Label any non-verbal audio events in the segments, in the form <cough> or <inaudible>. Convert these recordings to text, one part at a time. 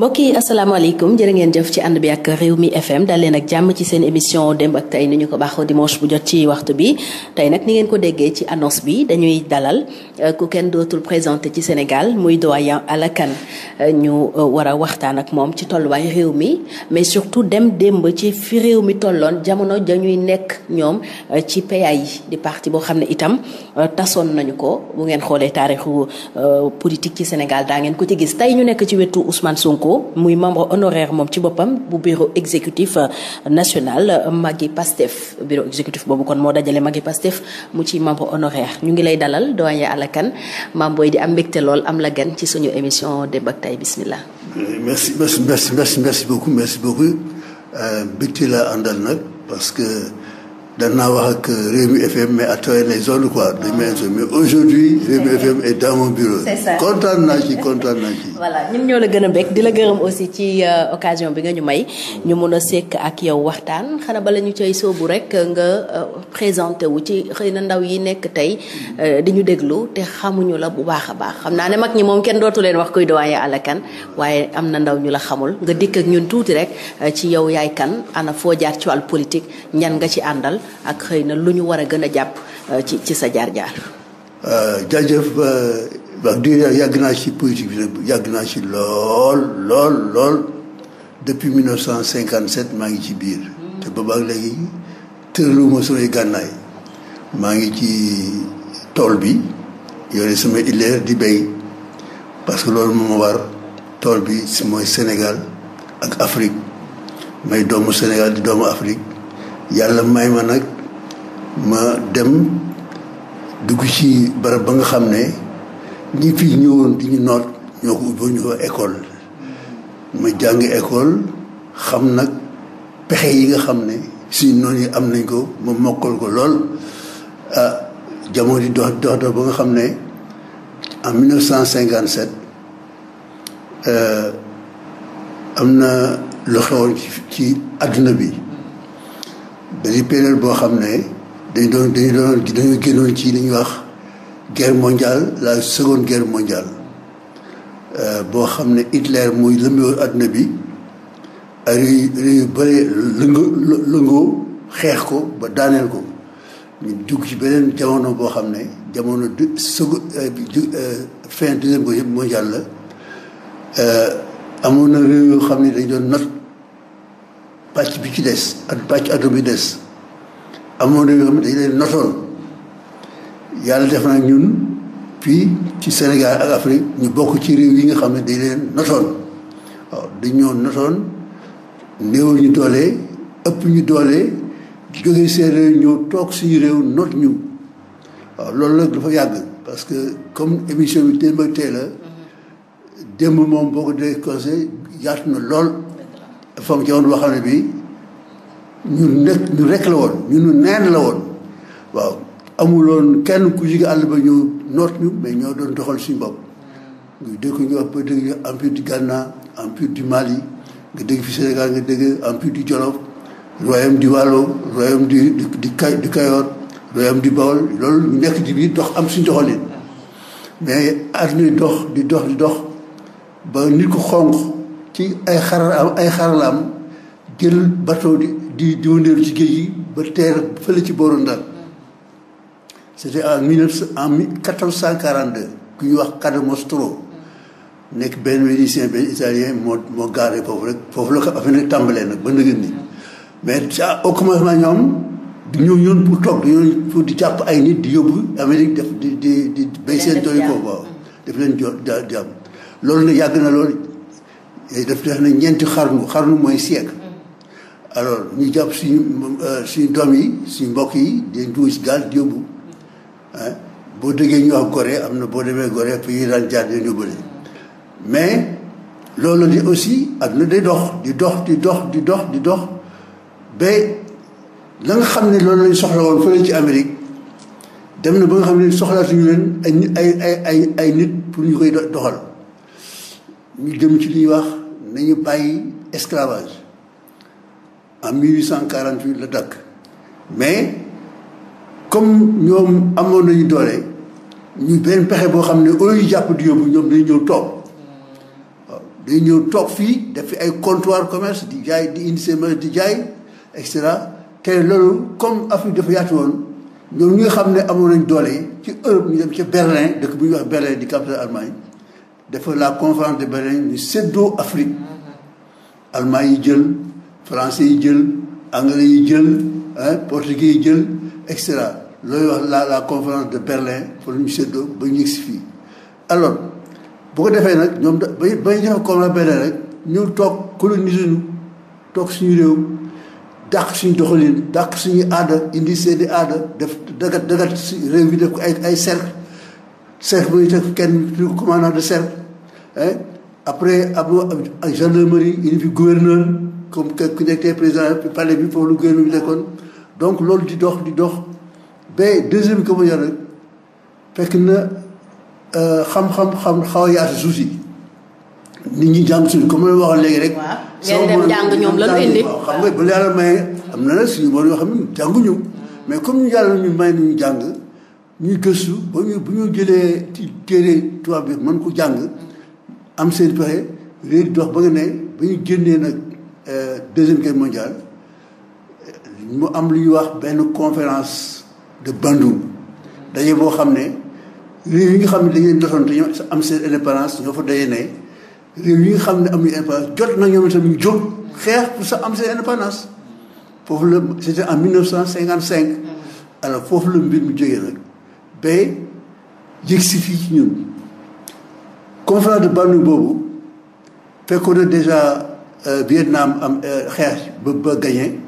mbokk yi asalaamaaleykum jërë ngeen jëf ci ànd bi ak réew mi FM dal leen jàmm ci seen émission démb ak tey ni ñu ko baaxoo dimanche bu jot ci waxtu bi tey nag ni ngeen ko déggee ci annonce bi dañuy dalal euh, ku kenn dootul présenté ci Sénégal muy doyen Alla Kane euh, ñu euh, war a waxtaan ak moom ci tolluwaay réew mi mais surtout dem démb ci fi réew mi tolloon jamono dañuy nekk ñoom ci PAI yi di parti boo xam ne itam tasoon nañu ko bu ngeen xoolee taarixu politique ci Sénégal daa ngeen ko ci gis tey ñu nekk ci wetu Ousmane Sonko. Sonko muy membre honoraire moom ci boppam bu bureau exécutif euh, national euh, Magui Pastef bureau exécutif boobu kon moo dajale Magui Pastef mu ci membre honoraire ñu ngi lay dalal doyen Alakan maam booy di am mbégte lool am la gan ci suñu émission démb ak tay bismillah. merci merci merci merci beaucoup merci beaucoup euh, mbégte laa àndal nag parce que. danaa wax ak Rewmi FM ah. mais à travers les FM est dans bureau. c'est naa ci kontaan naa ci. ñun ñoo la gën a bég di la gërëm aussi ci euh, occasion bi nga ñu may ñu mën a sekk ak yow waxtaan xanaa bala ñu cay soobu rek nga euh, présenté wu ci xëy na ndaw yi nekk tey euh, di ñu déglu te xamuñu la bu baax a baax xam naa ne mag ñi moom kenn dootu leen wax koy doyen àlla kan waaye am na ndaw ñu la xamul nga dikk ak ñun tuuti rek ci yow yaay kan ana foo jaar ci wàllu politique ñan nga ci àndal. ak xëy na lu ñu war a gën a jàpp euh, ci ci sa jaar-jaar. Euh, jaajëf euh, wax dëgg yàgg naa ci politique bi nag yàgg naa ci lool lool lool depuis maa ngi ci biir. te ak léegi tëraluma samay gànnaay maa ngi ci tool bi yooyu sama ileer di béy parce que loolu moo war tool bi si mooy Sénégal ak Afrique mooy doomu Sénégal di doomu Afrique. yàlla may ma nag ma dem dugg ci barab ba nga xam ne ñi fi ñëwoon di ñu noot ñoo ko ubbi ñu ko école ma jàng école xam nag pexe yi nga xam ne si noonu yi am nañ ko ma mokkal ko lool ah jamono di dox dox dox ba nga xam ne en 1957 euh, am na lu xewoon ci ci àdduna bi benn période boo xam ne dañu doon dañu doon génnoon ci li ñuy wax guerre mondiale la seconde guerre mondiale euh, boo xam ne Hitler mooy lëmbewoon àdduna bi ay réew yu bëri lëngoo lëngoo xeex ko ba daaneel ko ñu dugg ci beneen jamono boo xam ne jamono du seconde euh, euh, fin deuxième guerre la amoon na réew yoo xam ne dañu doon not pàcc bi ci des ak pàcc ado bi des amoon réew yoo xam leen notoon yàlla def na ñun fii ci Sénégal ak Afrique ñu bokk ci réew yi nga xam ne dañu leen notoon waaw dañ notoon néewal ñu doole ëpp ñu doole jógee seen réew ñëw toog suñu réew not ñu waaw loolu nag dafa yàgg parce que comme émission bi démb tey la mm-hmm. démb moom boo ko dee conseil yaatu na lool dafa am jamono boo xam ne bii ñun nekk ñun rek la woon ñun neen la woon waaw amuloon kenn ku jóge àll ba ñëw noot ñu mais ñoo doon doxal suñu bopp nga dégg ñu wax ba dégg empire du Ghana empire du Mali nga dégg fi Sénégal nga dégg empire du Jolof royaume di Waalo royaume du di Kay du Kayoor royaume Bawol loolu nekk di dox am si doxalin mais àdduna dox di dox di dox ba nit ku xonq ci ay xarala ay xaralaam jël bateau di di diwandeeru ci géej gi ba teer fële ci booru Ndar c'était en mille neuf en mille quatorze cent quarante deux ku ñuy wax Cadamostro nekk benn vénitien benn italien moo moo gaaree foofu rek foofu la ko affaire nag tàmbalee nag ba nëgën ni mais ca au commencement ñoom du ñëw ñoon pour toog du ñëw pour di jàpp ay nit di yóbbu Amérique def di di di béy seen tool foofu waaw def leen jo jàpp loolu nag yàgg na loolu daf def na ñeenti xar xarnu mooy siècle mm. alors ñu jàpp suñu euh, si doom yi suñu mbokk yi de duus gaal di yóbbu boo déggee ñu wax Gorée am na boo demee Gorée yi daan jaar di yóbbu mais loolu di aussi àdduna day dox di dox di dox di dox di dox ba la nga xam ne loolu lañ soxla woon fële ci Amérique dem na ba nga xam ne soxlaatuñu leen ay ay ay ay nit pour ñu koy doxal ñu jëm ci li wax. nañu bàyyi esclavage en 1848 la dakk mais comme ñoom amoon nañu doole ñu benn pexe boo xam ne au lieu jàpp di yóbbu ñoom dañu ñëw toog waaw dañu ñëw toog fii def fi ay comptoir commerce di jaay di indi seen di jaay et cetera te loolu comme Afrique dafa yaatu woon ñoom ñu nga xam ne amoon nañ doole ci Europe ñu dem ca Berlin dëkk bu ñuy wax Berlin di capitale Allemagne def la conférence de Berlin ñu séddoo Afrique allemand yi jël français yi jël anglais yi jël portugais yi jël et cetera looy wax la la conférence de Berlin pour ñu séddoo ba ñu si fii alors boo ko defee nag ñoom da ba ñu def conférence Berlin rek ñu toog coloniser toog suñu réew dàq suñu doxalin dàq suñu aada indi seeni aada def dagat dagat réew yi def ko ay ay cercle cercle bu ñu kenn du commandant de cercle après ab ak gendarmerie il fi gouverneur comme ku nekkee président palais bi foofu lu gouverneur bi nekkoon donc loolu di dox di dox ba deuxième ko ma fekk na euh, xam-xam xam xaw a yaatu suuf si nit ñi jàng suñu comme ma waxoon léegi rek. waaw ngeen dem jàng ñoom lan indi xam nga am na nag suñu borom yoo xam ne jànguñu mais comme ñu yàlla ñu may nañu jàng. ñu gëstu ba ñu bu ñu jëlee ci téere tubaab bi mën ko jàng am seen pexe réer dox ba nga ne ba ñu génnee nag euh, deuxième guerre mondiale mu am lu ñuy wax benn conférence de Bandung daje boo xam ne réew yi nga xam ne dañuy dotoon te ñoom am seen indépendance ñoo fa daje ne réew yi nga xam ne amuñu indépendance jot na ñoom itam ñu jóg xeex pour sa am seen indépendance foofu la c'était en 1955 alors foofu la mbir mu jógee nag. ba yëg si fii ci ñun conférence de Bandung boobu fekkoon na déjà euh, Vietnam am euh, xeex ba ba gagné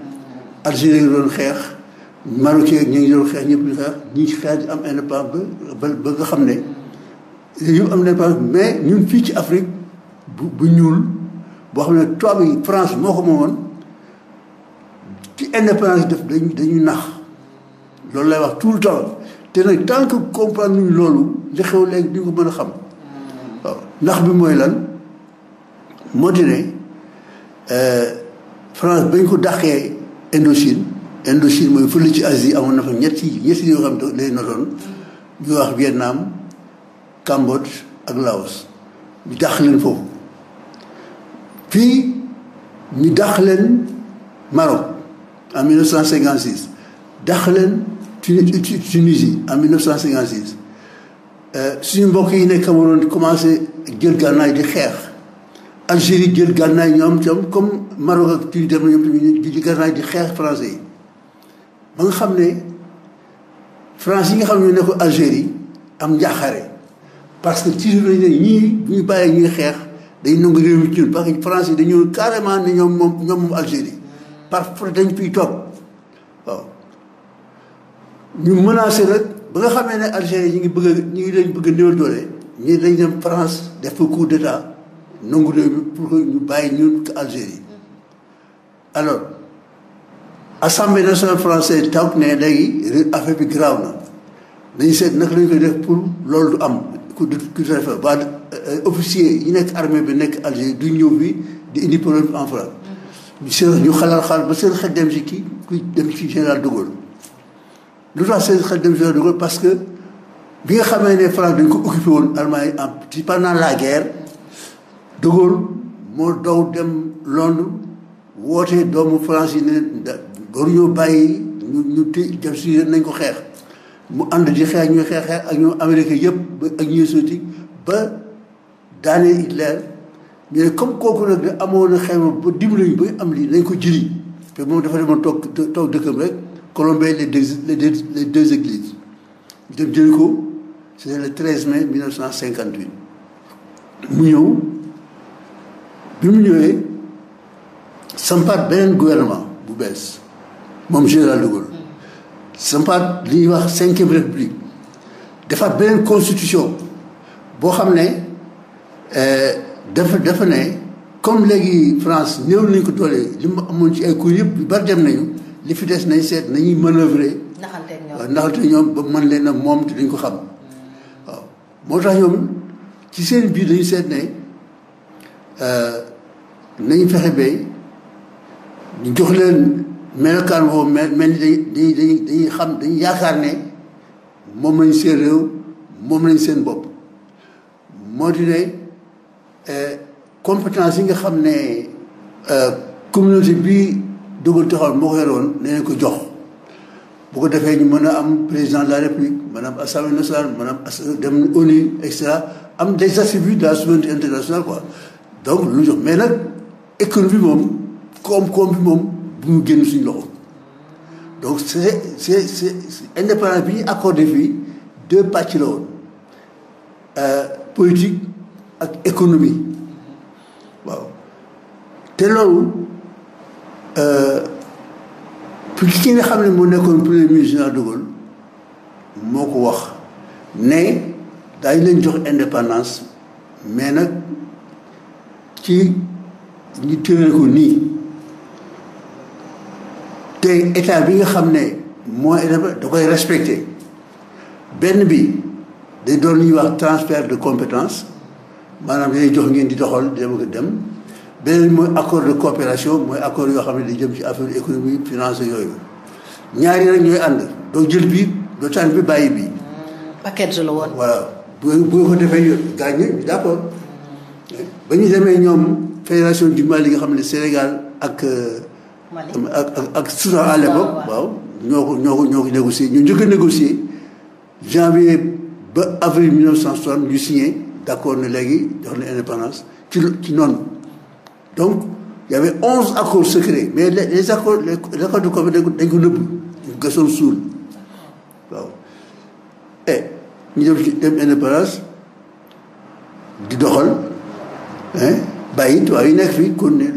Algérie ngi doon xeex Maroc ñu ngi doon xeex ñëpp ñu xeex ñi ci xeex am indépendance ba ba nga xam ne ñu am indépendance mais ñun fii ci Afrique bu ñuul boo xam ne tubaab yi France moo ko moomoon ci indépendance def dañu dañuy nax loolu lay wax tout le temps te nag tant que comprendre luñ loolu li xew léegi di ko mën a xam ndax bi mooy lan moo di ne euh, France bañ ko dàqee Indochine Indochine mooy fële ci Asie amoon na fa ñetti ñetti yoo xam ne day notoon bi wax Vietnam Cambodge ak Laos ñu dàq leen foofu puis ñu dàq leen Maroc en 1956 dàq leen Tunisie en 1956 euh, suñu mbokk yi nekk Cameroun commencé jël gànnaay di xeex Algérie jël gànnaay ñoom tam comme Maroc ak Tunisie dem na ñoom tamit di gànnaay xeex français yi ba nga xam ne France yi nga xam ne ñoo nekk Algérie am njaaxare parce que ci lañ ne ñii ñu bàyyee ñuy xeex dañ nangu réew mi parce que France yi dañu carrément ni ñoom moom ñoom moom Algérie par dañ fiy toog ñu menacé nag ba nga xam ne Algérie ñu ngi bëgg a ñu ngi leen bëgg a néew doole ñii dañ dem France def ko coup d'état nangu réew mi pour que ñu bàyyi ñun Algérie alors assemblée nationale française taw ne léegi affaire bi grave na dañu seet naka lañu koy def pour loolu du am ku du ku officier yi nekk armée bi nekk Algérie du ñëw bi di indi problème en France. Mm-hmm. seen ñu xalaat xal ba seen xel dem ci kii ku dem ci général de lu tax seen xel dem vers l'Europe parce que bi nga xamee ne France dañ ko occupé woon Allemagne en ci pendant la guerre de Gaulle moo daw dem Londres wootee doomu France yi ne waruñoo bàyyi ñu ñu té def si nañ ko xeex mu ànd di xeex ñuy xeex xeex ak ñoom américain yëpp ba ak ñuy sotti ba daanee leer ñu ne comme kooku nag da amoon na xayma ba dimbali ba am lii nañ ko jëli te moom dafa demoon toog toog dëkkam rek colombé les deux les deux, les deux églises dem jëli ko c'était le 13 mai 1958 mu ñëw bi mu ñëwee sampaat beneen gouvernement bu bees moom général de Gaulle sampaat li ñuy wax cinquième république dafa beneen constitution boo xam ne euh, def dafa ne comme léegi France néew nañu ko doole li mu amoon ci ay cours yëpp yu bari dem nañu li fi des nañ seet nañuy manœuvrer. naxalte ñoom ba mën leen a moom te duñ ko xam moo tax ñoom ci seen biir dañu seet ne euh, nañ fexe bay ñu jox leen melokaan boobu mel mel ni dañuy dañuy xam dañuy yaakaar ne moom lañ seen réew moom lañ seen bopp moo di ne euh, compétence yi nga xam ne euh, communauté bi dugal taxaw moo ko yoroon nañu ko jox boo ko defee ñu mën a am président de la république mën a am assemblée nationale mën a dem ONU et cetera am des attributs de la souveraineté internationale donc lu jox mais nag économie moom koom-koom bi moom bu mu génn suñu loxo donc c'est c'est c'est indépendance bi ñu accordé fii deux pàcc la woon euh, politique ak économie waaw te loolu Euh, pour ki nga xam ne moo nekkoon premier ministre de Gaulle moo ko wax ne daañu leen jox indépendance mais nag ci ñi tëral nii te état bi nga xam ne mooy da koy respecté benn bi day doon li ñuy wax transfert de compétence maanaam dañuy jox ngeen di doxal dem ak dem beneen mooy accord de coopération mooy accord yoo xam ne di jëm ci affaire économique finance yooyu ñaari rek ñooy ànd doo jël bi doo tànn bi bàyyi bi paquet la woon voilà bu bu ko defee yoon gaañ d' accord ba ñu demee ñoom fédération du Mali nga xam ne Sénégal ak euh, ak ak Soudan waaw ñoo ko ñoo ko ñoo ko ñu njëkk a négocié janvier ba avril 1960 ñu signé d' accord ne léegi jox na indépendance ci ci noonu donc il y avait onze accords secrets mais les accords les accords de Coffe dañ ko nëbb dañ ko gasoon suul waaw e ñu dem ci dem indépendance di doxal bàyyi tubaab yi nekk fii kon ne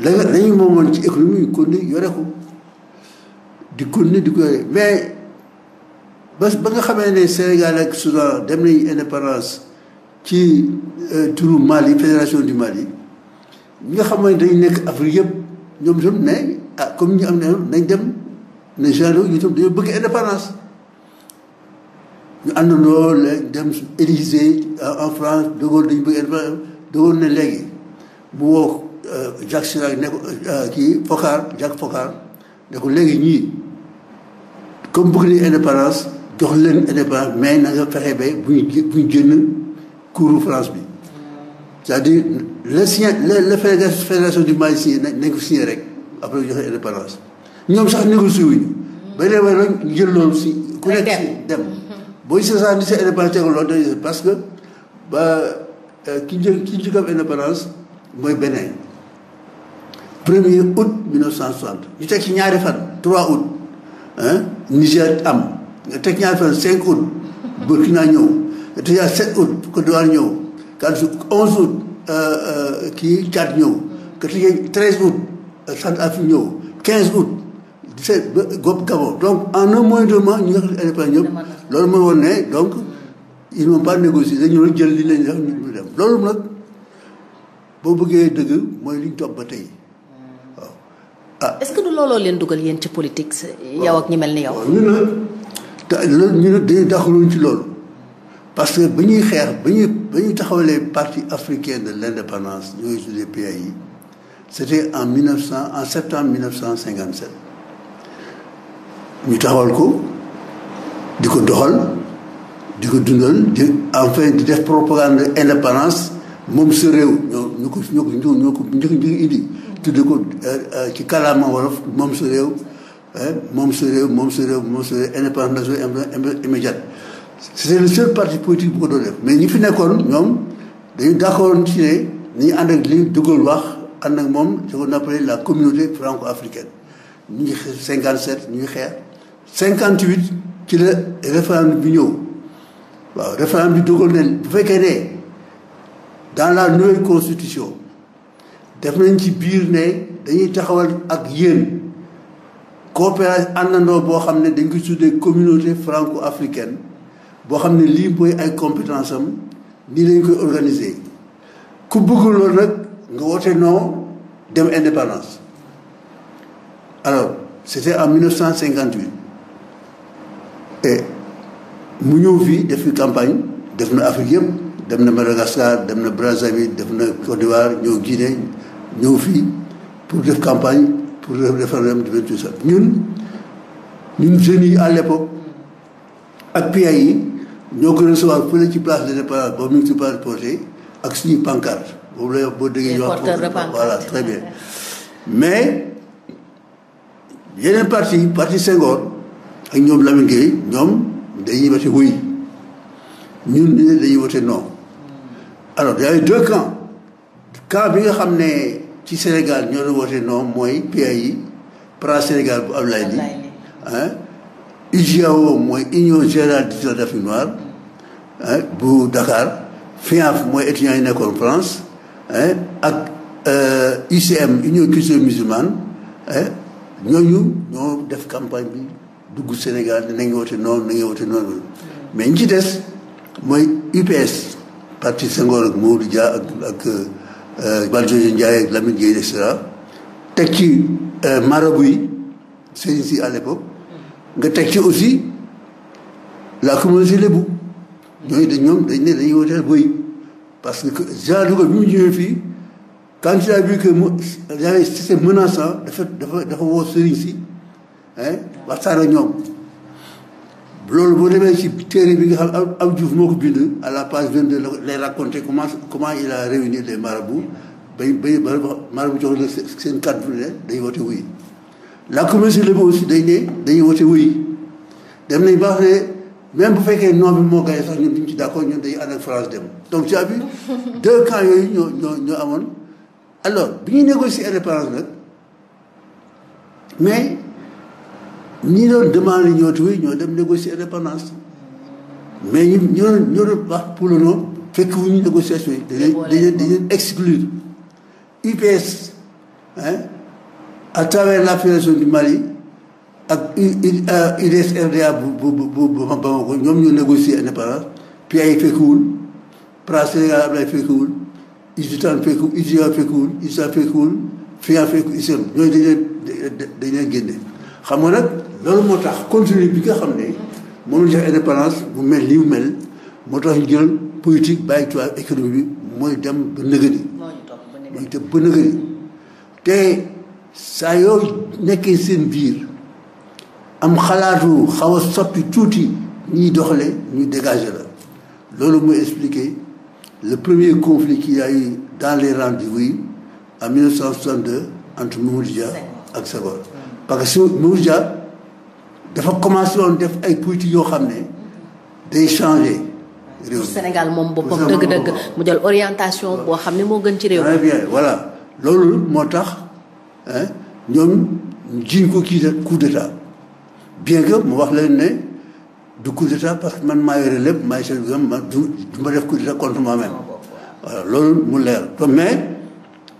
la lañu moomoon ci économie yi kon ne yore ko di kon ne di ko yore mais ba ba nga xamee ne Sénégal ak Soudan dem nañu indépendance ci euh, turu Mali fédération du Mali ñi nga xam ne dañ nekk Afrique yëpp ñoom itam ne ah, comme ñu am ne nañ dem ne genre ñu itam dañoo bëgg indépendance ñu àndandoo léegi dem Élysée ah, en France de Gaulle dañu bëgg indépendance de Gaulle ne léegi mu woo euh, Jacques Chirac ne ko euh, kii Foccart Jacques Foccart ne léegi ñii comme bëgg nañu indépendance jox leen indépendance mais na nga fexe ba bu ñu bu ñu France bi c'est-à-dire les signé les les fédération du Mali signé nañ ko signé rek après ñu joxe indépendance ñoom sax négocié wuñu ba léegi nag ñu jël loolu si. ku nekk si dem. boo gisee sax ni sa indépendance tegul loolu dañuy parce que ba euh, ki njëkk ki njëkk am indépendance mooy Bénin premier août 1960 ñu teg si ñaari fan 3 août ah Niger am nga teg ñaari fan 5 août Burkina ñëw nga teg 7 août Côte d'Ivoire ñëw. quand je 11 août kii Tchad ñëw que tey 13 août Centrafrique ñëw 15 août 17 ba Gop Gabon donc en un mois de mois ñu nekk indépendant ñëpp loolu mooy woon ne donc ils n'ont pas négocié dañu jël li leen def ñu dem loolu nag boo bëggee dëgg mooy li ñu topp ba tey waaw. ah est-ce que du looloo leen dugal yéen ci politique. yow ak ñi mel ni yow. ñu ne te loolu ñu ne dañuy dàqaluñ ci loolu. parce que ba ñuy xeex ba ñuy ba taxawalee partie africain de l' indépendance ñooy tuddee PAI c' était en mille neuf cent en septembre mille cent cinquante sept ñu taxawal ko di ko doxal di ko dundal di enfin di def propagande indépendance moom sa réew ñoo ñu ko ñoo ko ñoo ko njëkk njëkk indi tudde ko euh, euh, ci kàllaama wolof moom sa réew moom sa réew moom sa réew moom sa réew indépendance nationale immédiate c'était le seul parti politique bu ko doon def mais ñi fi nekkoon ñoom dañu d'accord ci ne ñu ànd ak li De wax ànd ak moom ce qu'on appelait la communauté franco-africaine ñu ngi 57 ñu ngi xeex 58 ci la référendum bi ñëw waaw référendum bi De ne bu fekkee ne dans la nouvelle constitution def nañ ci biir ne dañuy taxawal ak yéen coopération àndandoo boo xam ne dañ koy tuddee communauté franco-africaine boo xam ne lii mooy ay compétence am nii lañ koy organiser ku bëgg loolu nag nga woote non dem indépendance alors c'était en 1958 et mu ñëw fii def fi campagne def na Afrique yëpp dem na Madagascar dem na Brazzaville def na Côte d'Ivoire ñëw Guinée ñëw fii pour def campagne pour le référendum du 28 ñun ñun jeunes yi à ak PIA yi ñoo ko recevoir fële ci place de départ boobu ñu ci place portée ak suñuy pancarte boobu lay wax boo déggee ñu wax voilà très bien mais yeneen parti parti Senghor ak ñoom Lamine Gueye ñoom dañuy wote oui ñun ñu dañuy wote non alors y avait deux camps camp bi nga xam ne ci Sénégal ñoo doon wote non mooy PAI PRA Sénégal bu Ablaye Ly UGAO mooy Union Générale des Africains Noirs bu Dakar FIAF mooy étudiants yi nekkoon France ak UCM euh, Union culturelle musulmane ñooñu ñoo def campagne bi dugg Sénégal ne nañu wote noonu nañu wote noonu mais ñi ci des mooy UPS parti sengoor ak Mamadou Dia ak ak euh, Valdiodio Ndiaye ak Lamine Gueye et teg ci euh, marabu yi sëriñ si à l'époque nga teg ci aussi la communauté lébou ñooñu dañ ñoom dañ ne dañuy woteel bëy parce que Jean Louga bi mu ñëwee fii quand il a vu que mu y' c'était menaçant dafa dafa dafa woo sëriñ si waxtaan ak ñoom loolu boo demee ci téere bi nga xam am Diouf moo ko bind à la page 22 la lay raconté comment comment il a réuni les marabouts bay bay marabout jox la seen kàddu ne dañuy wote wuy la communauté lebo aussi dañ ne dañuy wote wuy dem nañ baax ne même bu fekkee non moo gagné sax ñun duñ ci d'accord ñun dañuy ànd ak France dem donc tu as vu yooyu ñoo ñoo ñoo amoon alors bi ñuy négocier indépendance nag mais ñi doon demande ñoo tuuti ñoo dem négocier indépendance mais ñu ñu doon ñu doon wax pour le non fekk wu ñu négociation yi. dañuy dañuy dañuy exclure UPS hein à travers la Fédération du Mali. ak UDSRDA euh, bu bu bu bu bu Bamako ñoom ñu négocier indépendance puis ay fekkuwul pra Sénégal Ablaye fekkuwul UGTAN fekku UGA fekkuwul USA fekkuwul FIA fekku ISEM ñooñu dañ leen dañ leen génne. xam nga nag loolu moo tax continue bi nga xam ne mënul jox indépendance bu mel nii mu mel moo tax ñu jël politique bàyyi ci wàllu économie bi mooy dem ba nëgëri. mooy dem ba nëgëri te saa yoo nekkee seen biir. am xalaatu xawa a tuuti ñuy doxle ñu dégagé la loolu mooy expliqué le premier conflit qu'il y a eu dans les rangs du Wouy en 1962 entre Mamadou Dia ak Senghor parce que su Mamadou Dia dafa commencé woon def ay politique yoo xam ne day changé réew Sénégal moom boppam dëgg-dëgg mu jël orientation boo xam ne moo gën ci réew très bien loolu moo tax ñoom jiñ ko kii coup d'état bien que mu wax leen ne du coup d'état parce que man maa yore lépp maay seen gëm ma du ma def coup d'état contre moi-même loolu mu leer to mais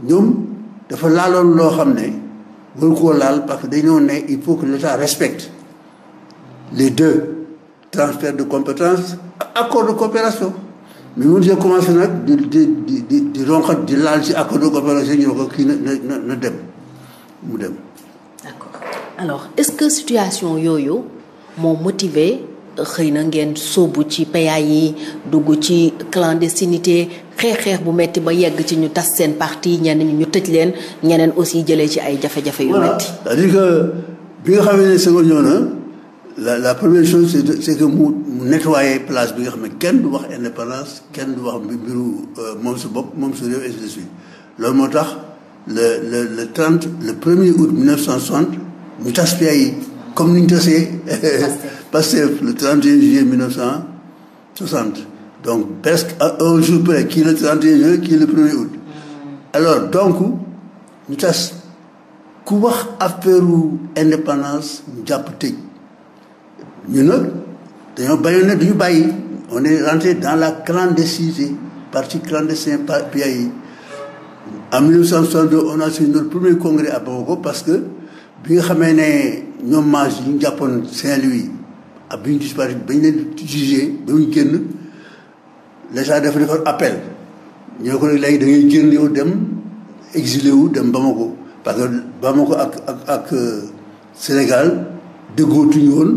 ñoom dafa laaloon loo xam ne waru koo laal parce que dañoo ne il faut que l'état respecte les deux transfert de compétence accord de coopération mais mun see commencé nag di di di di ronxat di laal ci accord de coopération ñu ne ko kii na na na dem mu dem alors est-ce que situation yooyu moo motiver xëy na ngeen sóobu ci PA yi dugg ci clandestinité xeex-xeex bu metti ba yegg ci ñu tas seen partie ñenn ñi ñu tëj leen ñeneen aussi jëlee ci ay jafe-jafe yu metti c'est-à-dire que bi nga xamee ne Senghor ñëw la la première chose c'est que mu mu nettoyer place bi nga xam ne kenn du wax indépendance kenn du wax mbiru euh, moom su bopp moom su réew et de suite loolu moo tax le le le 30 le premier août 1960 ñu tas PA yi comme ni ñu tasee Pastef <laughs> le 31 juillet 1960 donc presque un jour près kii le 31 juillet kii le premier août mm. alors donc ñu tas ku wax affaire indépendance ñu jàpp tëj ñu nag dañoo bañoon ne duñu bàyyi on est rentré dans la clandestinité parti clandestin PA yi en 1962 on a suivi notre premier congrès à parce que bi nga xamee ne ñoom maas yi ñu jàppoon Saint-Louis ak bi ñu disparaître bañ leen jugé ba ñu génn l'État dafa defoon appel ñoo ko ne léegi da ngay génn yow dem exilé wu dem Bamako parce que Bamako ak ak ak euh, Sénégal déggootuñu woon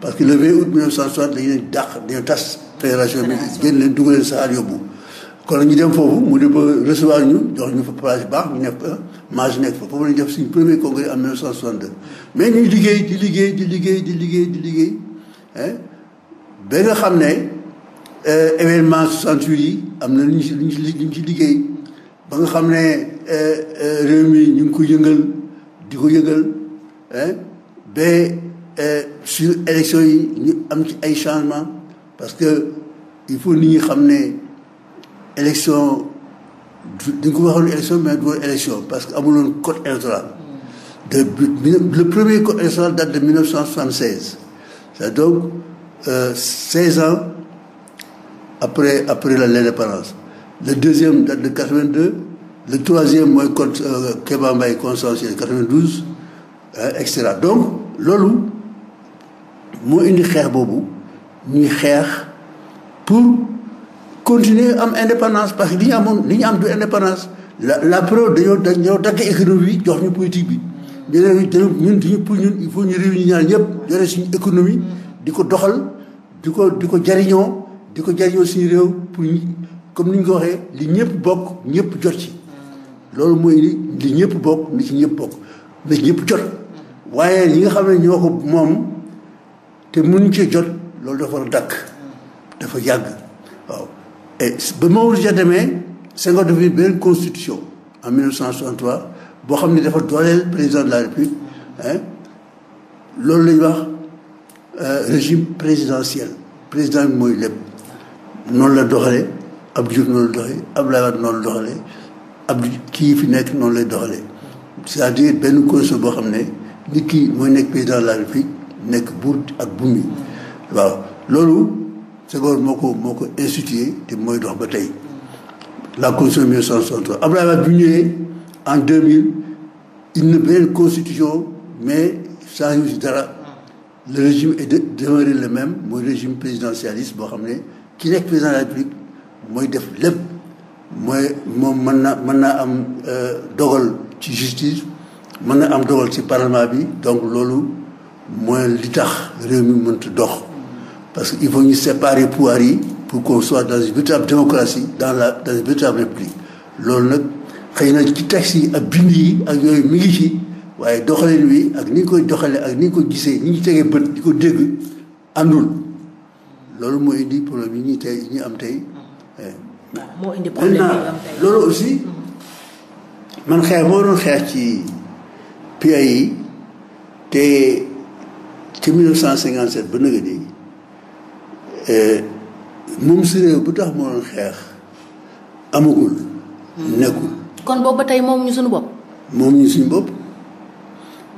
parce que le 20 août 1960 dañu leen dàq dañu tas fédération bi génn leen dugal leen saxaar yóbbu kon ñu dem foofu mu di recevoir ñu jox ñu fa place baax ñu nekk mage nekk fa foofu lañu def suñu premier congrès en 1962 mais ñuy liggéey di liggéey di liggéey di liggéey di liggéey ba nga xam ne euh, événement 68 yi am na lu ñu si lu ñu liggéey ba nga xam ne euh, euh, réew mi ñu ngi ko yëngal di ko yëngal ba sur élection yi am ci ay changement parce que il faut nit ñi xam ne élection dañ ko waxoon élection mais du woon élection parce que amuloon code électoral. de le premier code électoral date de 1976 c'est donc euh, 16 ans après après l'indépendance le deuxième date de 82 le troisième mooy code euh, Kéba Mbaye consensuel 92 euh, et cetera donc loolu moo indi xeex boobu ñuy xeex pour. continuer am indépendance parce que li ñu amoon li ñu am du indépendance la la preuve dañoo dañoo dagg économie bi jox ñu politique bi ñu ne ñun dañu pour ñun il faut ñu réunir ñaar ñëpp yore suñu économie di ko doxal di ko di ko jariñoo di ko jariñoo suñu réew pour ñu comme ni ñu ko waxee li ñëpp bokk ñëpp jot ci loolu mooy li li ñëpp bokk ni ci ñëpp bokk na ñëpp jot waaye ñi nga xam ne ñoo ko moom te mënuñ cee jot loolu dafa war a dakk dafa yàgg waaw et ba Mamadou Dia demee Senghor dafa benn constitution en 1963 boo xam ne dafa dooleel président de la République loolu la ñuy wax euh, régime présidentiel président bi mooy lépp noonu la doxalee ab Diouf noonu la doxalee Abdoulaye Wade noonu la doxalee Abdou kii fi nekk noonu lay doxalee c'est-à-dire benn constitution boo xam ne nit kii mooy nekk président de la République nekk buur ak bumi waaw loolu. Senghor moo ko moo ko institué te mooy dox ba tey la constitution 1963 Abdoulaye Wade bu ñëwee en 2000 il ne beneen constitution mais changé si dara le régime est demeuré le même mooy régime présidentialiste boo xam ne ki nekk président de la République mooy def lépp mooy moom mën na mën naa am euh, dogal ci justice mën na am dogal ci parlement bi donc loolu mooy li tax réew mi mënta dox Parce que qu'il faut nous séparer pouvoir yi pour qu'on soit dans une véritable démocratie dans la dans une véritable république loolu nag xëy na ci texte yi ak bind yi ak yooyu mi ngi ci waaye doxalin wi ak ni ñu koy doxalee ak ni ñu ko gisee ni ñu tegee bët di ko dégg àndul loolu moo indi problème yi ñu am tey. Eh. moo ñu am tey loolu aussi mm-hmm. man xeex moo doon xeex ci PAI yi te ci 1957 ba nëgë nii Eh, moom si réew bu tax moo doon xeex amagul. Hmm. nekkul. kon boobu ba tey moom ñu suñu bopp. moom ñu suñu bopp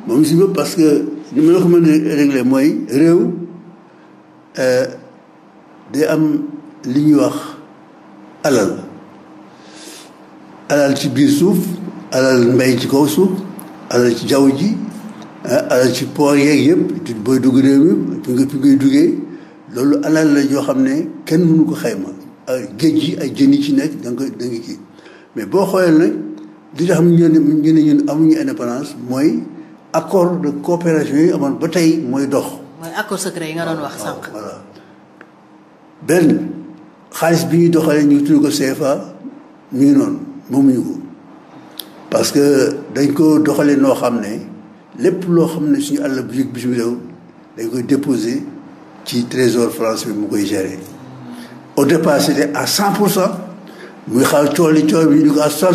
moom ñu parce que ni ma la ko mën a mooy réew eh, day am li ñuy wax alal alal ci biir suuf alal mbay ci kaw suuf alal ci jaww ji eh, alal ci poor yeeg yëpp booy dugg réew mi fi nga duggee. loolu alal la joo xam ne kenn munu ko xayma géej gi ay jën yi ci nekk da nga da nga kii mais boo xoolee nag li nga xam ne ñu ñun amuñu indépendance mooy accord de coopération yi amoon ba tey mooy dox. mooy accord voilà benn xaalis bi doxalee ñu tudd ko CFA mi ngi noonu moomuñu ko parce que dañ ko doxalee noo xam ne lépp loo xam ne suñu àll bu yëg bi suñu dañ koy déposé. ci trésor France bi mu koy gérer au départ c'était à cent pour cent muy xaw cooli li bi ñu ko à cent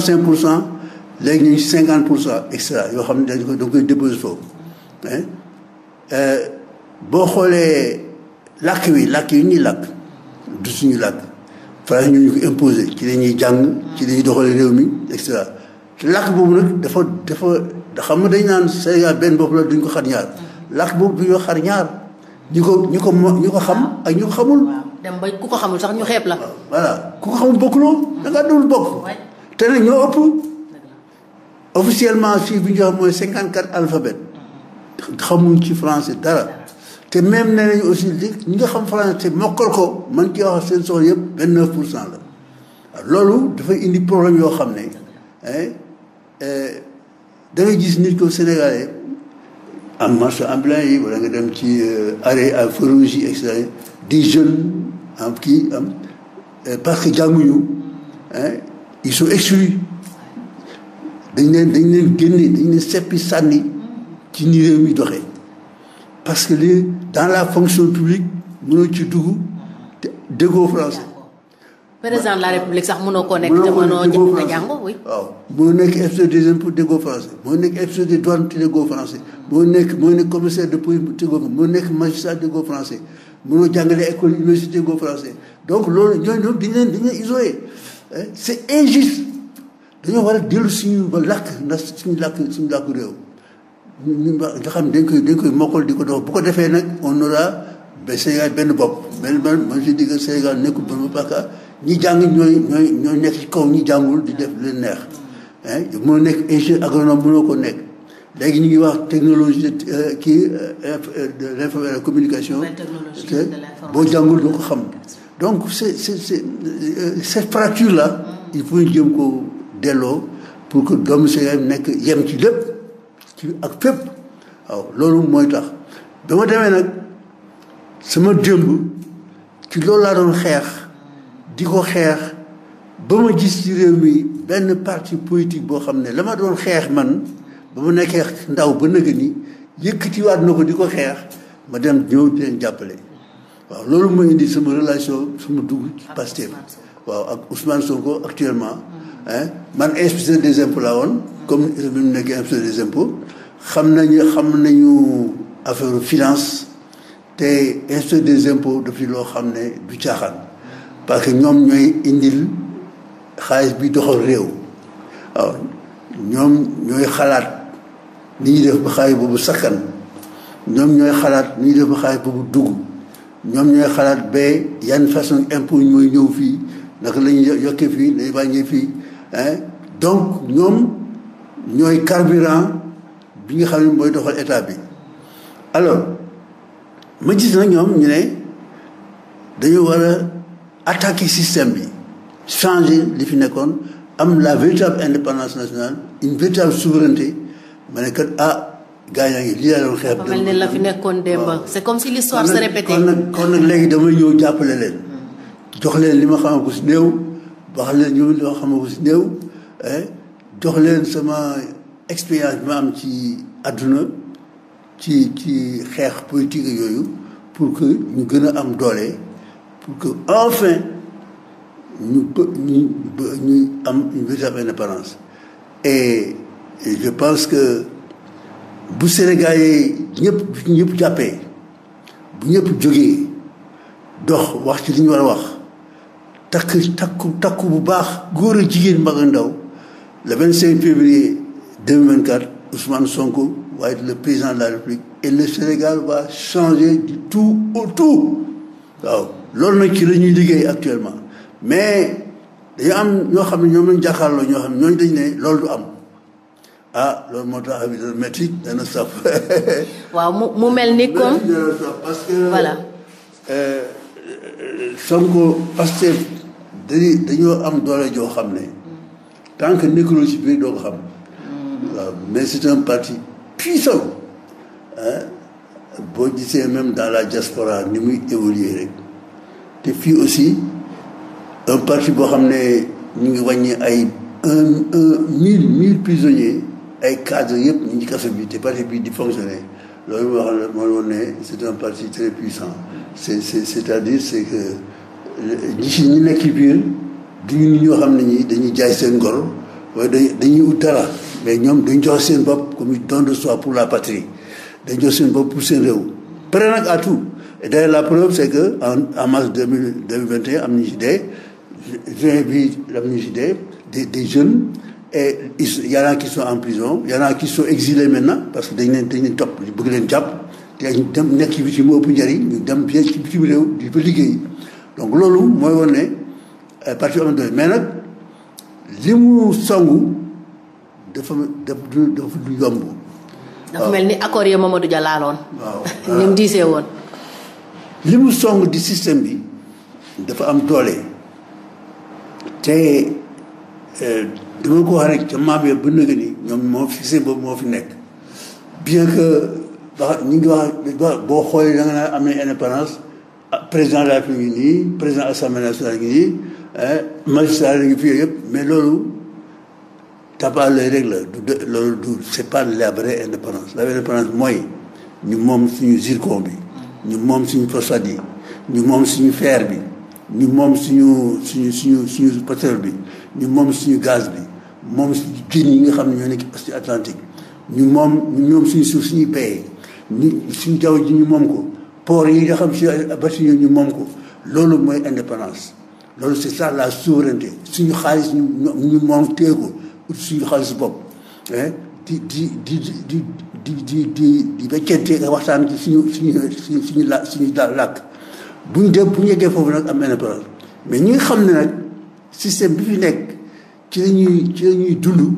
léegi ñu ngi cinquante pour cent et cetera yoo xam ne dañ ko da koy déposé foofu euh, xoolee làkk wi làkk yi ñuy làkk du suñu làkk ñu ñu ko imposé ci jàng ci lañuy doxalee réew mi et cetera te làkk boobu nag dafa dafa xam nga dañ naan Sénégal benn bopp la duñ ko xar ñaar làkk boobu duñ xar ñaar ñu ko ñu ko ñu ko xam ah. ak ñu ko xamul. dem ba ku ko xamul sax ñu xeeb la. voilà ku ko xamul bokkuloo. da ngaa bokk. te nag ñoo ëpp. officiellement fii bi ñu wax mooy cinquante quatre alphabet. Mm-hmm. xamuñ ci français dara. te même nee aussi li ñi nga xam français mokkal ko man ci wax seen soxla yëpp vingt neuf pour cent la. Ah, loolu dafay indi problème yoo xam ne. Euh, da ngay gis nit ko Sénégalais. en marche en yi wala nga dem ci euh, arrêt à Forougis et des jeunes am kii am euh, parce que jànguñu ils sont exclus dañ leen dañ leen génne dañ leen seppi sànni ci ni réew mi doxee parce que li dans la fonction publique mënoo ci dugg te déggoo français président de la république sax mënoo koo nekk jamono waaw moo nekk inspecteur des impôts déggoo français moo nekk inspecteur des douanes déggoo français moo nekk moo nekk commissaire de police déggoo moo nekk magistrat déggoo français mënoo jàngale école université déggoo français donc loolu ñooñu ñoom dañu leen dañu leen isolé eh, c' dañoo war a dellu suñu ba làkk ndax suñu làkk suñu làkku réew nga xam dañ koy dañ di ko dox bu ko defee nag on aura ba benn bopp benn man man je dis que Sénégal nekkul benn pakka ñi jàng ñooy ñooy ñooy nekk ci kaw ñi jàngul di def leen neex moo nekk ingénieur munoo koo ko nekk léegi ñu ngi wax technologie kii de l'information de la communication boo jàngul doo ko xam donc c'est c'est c'est euh, cette fracture là mm. il faut ñu jëm ko delloo pour que doomu Sénégal nekk yem ci lépp ci ak fépp waaw loolu mooy tax ba ma demee nag sama démb ci loolu laa doon xeex di ko xeex ba ma gis ci réew mi benn parti politique boo xam ne la ma doon xeex man ba mu nekkee ndaw ba nëgë ni yëkkatiwaat na ko di ko xeex ma dem ñëw leen jàppale waaw loolu moo indi sama relation sama dugg ci Pastef waaw ak Ousmane Sonko actuellement mm. man inspecteur des impôts laa woon comme bi mu nekkee inspecteur des impôts xam nañu xam nañu affaire finance te inspecteur des impôts depuis loo xam ne du caaxaan parce que ñoom ñooy indil xaalis bi doxal réew waaw ñoom ñooy xalaat ni ñuy def ba xaalis boobu sakkan ñoom ñooy xalaat ni ñuy def ba xaalis boobu dugg ñoom ñooy xalaat ba yan façon impôt ñooy ñëw fii naka la ñuy yokkee fii la ñuy wàññee fii donc ñoom ñooy carburant bi nga xam ne mooy doxal état bi alors ma gis na ñoom ñu ne dañu war a attaquer système bi changer li fi nekkoon am la véritable indépendance nationale une véritable souveraineté ma ne ah gars yaa ngi lii laa doon xeeb. nekkoon démb c'est comme si l'histoire se kon nag léegi damay ñëw jàppale leen. Hmm. jox leen li ma xamal ko si néew wax leen ñu li ma xamal ko si néew eh, jox leen sama expérience bi ma am ci àdduna ci ci xeex politique yooyu pour que ñu gën a am doole pour que enfin. ñu ñu ñu am une véritable indépendance et je pense que bu Sénégalais ñëpp ñëpp jàppee bu ñëpp jógee dox wax ci li ñu war a wax takk takku takku bu baax góor ak jigéen mag ak ndaw le 25 février 2024 Ousmane Sonko va être le président de la République et le Sénégal va changer du tout au tout waaw loolu nag ci la ñuy liggéey actuellement mais dañu am ñoo xam ne ñoom lañ jàkkaarloo ñoo xam ne ñooñu dañ ne loolu du am ah loolu moo tax abi dana métti dana saf <laughs> waaw que voilà euh, Sonko Pastef dañoo am doole joo xam ne tant que nekkuloo ci biir doo ko xam mm. mais c'est un parti puissant boo gisee même dans la diaspora ni muy évoluer rek te fii aussi un parti boo xam ne ñu ngi wàññi ay un un mille mille prisonniers ay cadres yëpp ñu ngi kaso bi te parti bi di fonctionner loolu moo xam ne moo woon ne c'est un parti très puissant c'est c'est c'est-à-dire c'est que ñi si ñi nekk ci biir duñu ni ñoo xam ne ñi dañuy jaay seen ngor waaye dañuy dañuy ut dara mais ñoom dañu jox seen bopp comme don de soi pour la patrie dañ jox seen bopp pour seen réew pare nag à tout et d'ailleurs la preuve c'est que en en mars deux mille deux mille am nañu ci dee réinvite la MIJD, des, des jeunes, et il y en a qui sont en prison, il y en a qui sont parce que dañ leen dañ leen topp ñu bëgg leen jàpp te dem nekk ci ci mu ëpp njëriñ ñu dem bien ci bitim réew di fa liggéey donc loolu mooy woon ne euh, parti am doole mais nag li mu songu dafa dafa du dafa yomb. dafa mel ni accord yi Mamadou Dia laaloon. waaw <laughs> ni diisee woon. li mu song di système bi dafa am doole. te euh, dama ko wax rek ca maam ya ba nëgë ni ñoom moo fi boobu moo fi nekk bien ñu ngi wax boo xoolee da nga naan am nañ indépendance ah, président de nii président assemblée nationale ngi nii magistrat la ngi mais loolu tape rek la du loolu du c'est pas la vraie mooy ñu moom suñu zircon bi ñu moom suñu phosphate yi ñu moom suñu fer bi ñu moom suñu suñu suñu suñu pétrole bi ñu moom suñu gaz bi moom suñu jën yi nga xam ne ñoo nekk si Atlantique ñu moom ñu moom suñu suuf suñu payee ñu suñu jaww ji ñu moom ko port yi nga xam si bâtiment ñu moom ko loolu mooy indépendance loolu c'est ça la souveraineté suñu xaalis ñu ñu moom téye ko suñu xaalis bopp di di di di di di di di di weccante waxtaan ci suñu suñu suñu suñu la suñu làkk bu ñu def bu ñu yeggee foofu nag am benn problème mais ñu nga xam ne nag système bi fi nekk ci la ñuy ci dund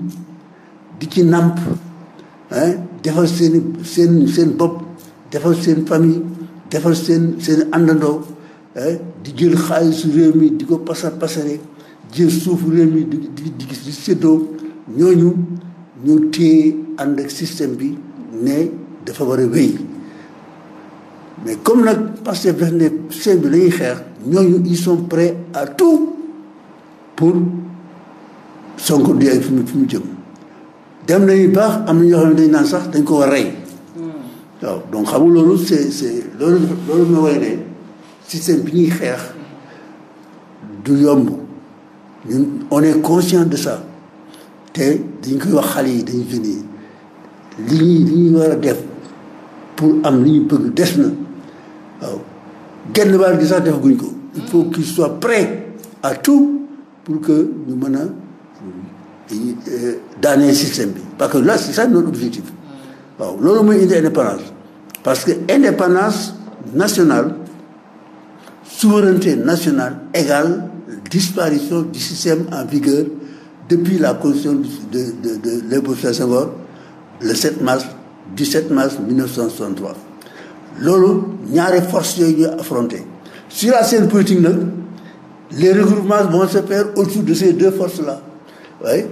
di ci nàmp defal seen seen seen bopp defal seen famille defal seen seen àndandoo di jël xaalis réew mi di ko pasar pasare jël suufu réew mi di di di ñooñu ñu téye ànd système bi ne dafa war a wéy mais comme nag Pastef def ne seen bi la xeex ñooñu il sont prêts à tout pour Sonko du ay fi mu fi mu jëm dem nañu baax am na ñoo xam ne dañ naan sax dañ ko war a rey hmm. waaw donc xam nga loolu c'est c'est loolu loolu ma way bi ñuy xeex du yomb ñun on est conscient de ça te dañ koy wax xale yi dañu jeunes yi li ñuy li ñuy war a def pour am li ñu bëgg des na waaw genn waar gi sax defaguñ ko il faut qu'il soit prêt à tout pour que ñu mën a euh, daanee système bi parce que la c'est ça notre objectif waaw loolu mooy indi indépendance parce que indépendance nationale souveraineté nationale égale disparition du système en vigueur depuis la constitution de de de Léopold Sédar Senghor le 7 mars 17 mars 1963 loolu ñaari force yooyu ñuy affronté sur la scène politique nag les regroupements vont se faire de ces deux forces là waaye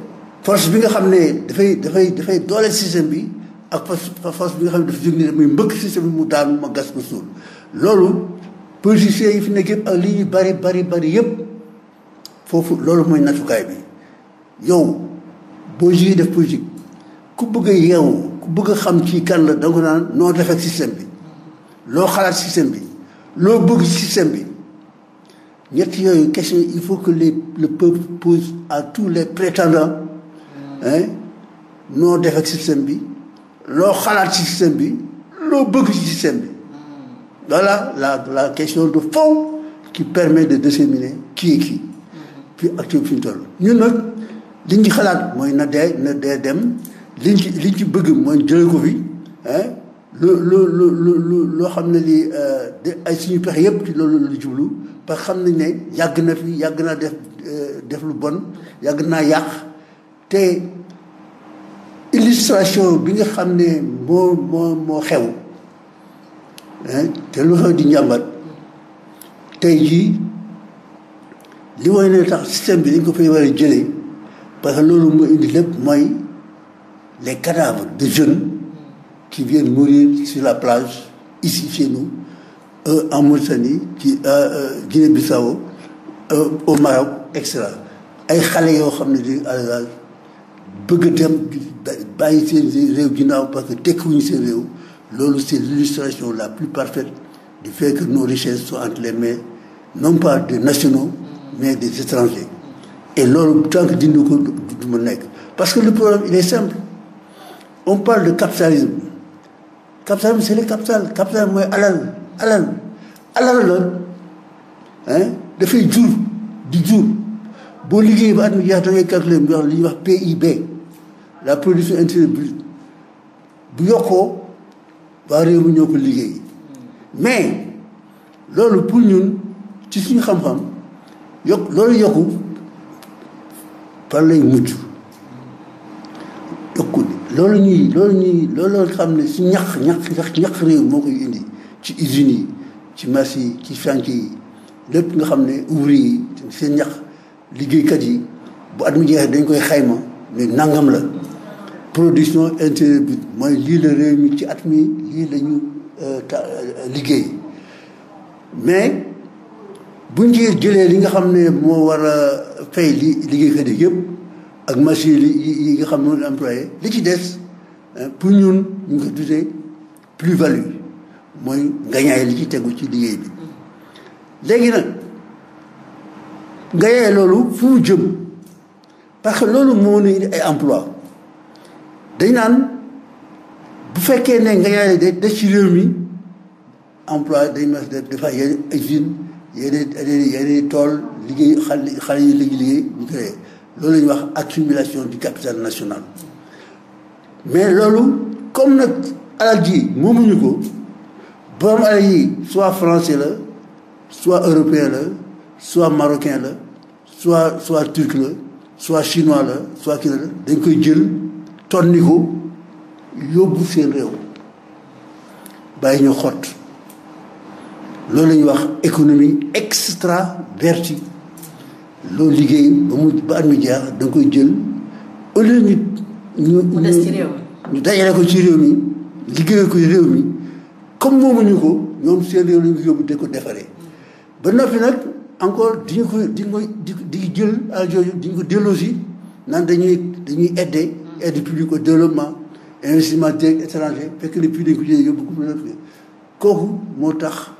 force bi nga xam ne dafay dafay dafay dooleel système bi ak force bi nga xam ne dafa jóg muy mbëkk système bi mu daanu ma gas ko suul loolu politiciens yi fi nekk yëpp ak li ñuy bari bari bari yëpp foofu loolu mooy natukaay bi yow boo jugee def politique ku bëgg a yeewu ku bëgg xam ci kan la danga naan noo def ak système bi loo xalaat système bi loo bëgg système bi ñett yooyu question il faut que les le peuple pose à tous les prétendants hein noo def ak système bi loo xalaat ci système bi loo bëgg ci bi voilà la la question de fond qui permet de déterminer qui est qui puis actuel fi ñu nag li ñu xalaat mooy na dee na dee dem li ci liñ ci bëgg mooy jële ko fi lu lu loo xam ne lii euh, ay suñu pexe yëpp ci loolu lu jublu parce que xam nañ ne yàgg na fi yàgg naa def euh, def lu bon yàgg naa yàq te illustration bi nga xam ne moo moo xew te lu xew di njàmbat tey jii li woy ne tax système bi dañ ko fay war a jëlee parce que loolu moo indi lépp mooy les cadavres de jeunes qui viennent mourir sur la plage, ici chez nous, en Mauritanie, ci euh, euh, Guinée-Bissau, au Maroc, et cetera ay xale yoo xam ne di àll bëgg dem bàyyi seen réew ginnaaw parce que tekkiwuñu seen réew loolu c'est l'illustration la plus parfaite du fait que nos richesses sont entre les mains non pas des nationaux mais des étrangers et loolu tant que dindi ko du ma nekk parce que le problème il est simple on parle de capitalisme capital bi c'est le capital capital mooy alal alal alal la ah jur di jur boo liggéey ba at mi jeex da ngay calculer mu li wax PIB la production intérieure bu yokkoo waa réew mi ñoo ko liggéey mais loolu pour ñun ci suñu xam-xam yokk loolu yokku par lay mujj yokkul loolu ñuy loolu ñuy loolu xam ne si ñax ñax sax ñax réew moo koy indi ci usines yi ci marché yi ci chantier yi lépp nga xam ne ouvrier yi seen ñax liggéeykat yi bu at mu jeexee dañ koy xayma mais nangam la production intérieure brute mooy lii la réew mi ci at mi lii la ñu euh, euh, liggéey mais bu ci jëlee li nga xam ne moo war a fay li liggéeykat yi yëpp ak machine yi yi nga xam ne employé li ci des euh, pour ñun ñu ngi ko plus value mooy ngañaay li ci tegu ci liggéey bi léegi nag ngañaay loolu fu mu jëm parce que loolu moo indi ay emploi dañ naan bu fekkee ne ngañaay day des ci réew mi emploi dañ mas def dafa yenn usine yeneen yeneen tool liggéey xale xale yi liggéey liggéey loolu lañuy ñuy wax accumulation du capital national mais loolu comme nag alal ji moomuñu ko borom alal yi soit français la soit européen la soit marocain la soit soit turc la soit chinois la soit kii la dañ koy jël tonni ko yóbbu seen réew bàyyi ñu xott loolu la ñuy wax économie extravertie loo liggéey ba mu ba at mi jeex da koy jël au lieu ñu. ñu dajale ko ci réew mi liggéeyal ko réew mi comme moomuñu ko ñoom seen réew la ñu yóbbu ko defaree. ba noppi nag encore di ñu di jël al di ñu ko delloosi nan dañuy dañuy aider. aide publique au développement investissement direct étranger fekk ne puis dañ ko jëlee yóbbu ko kooku moo tax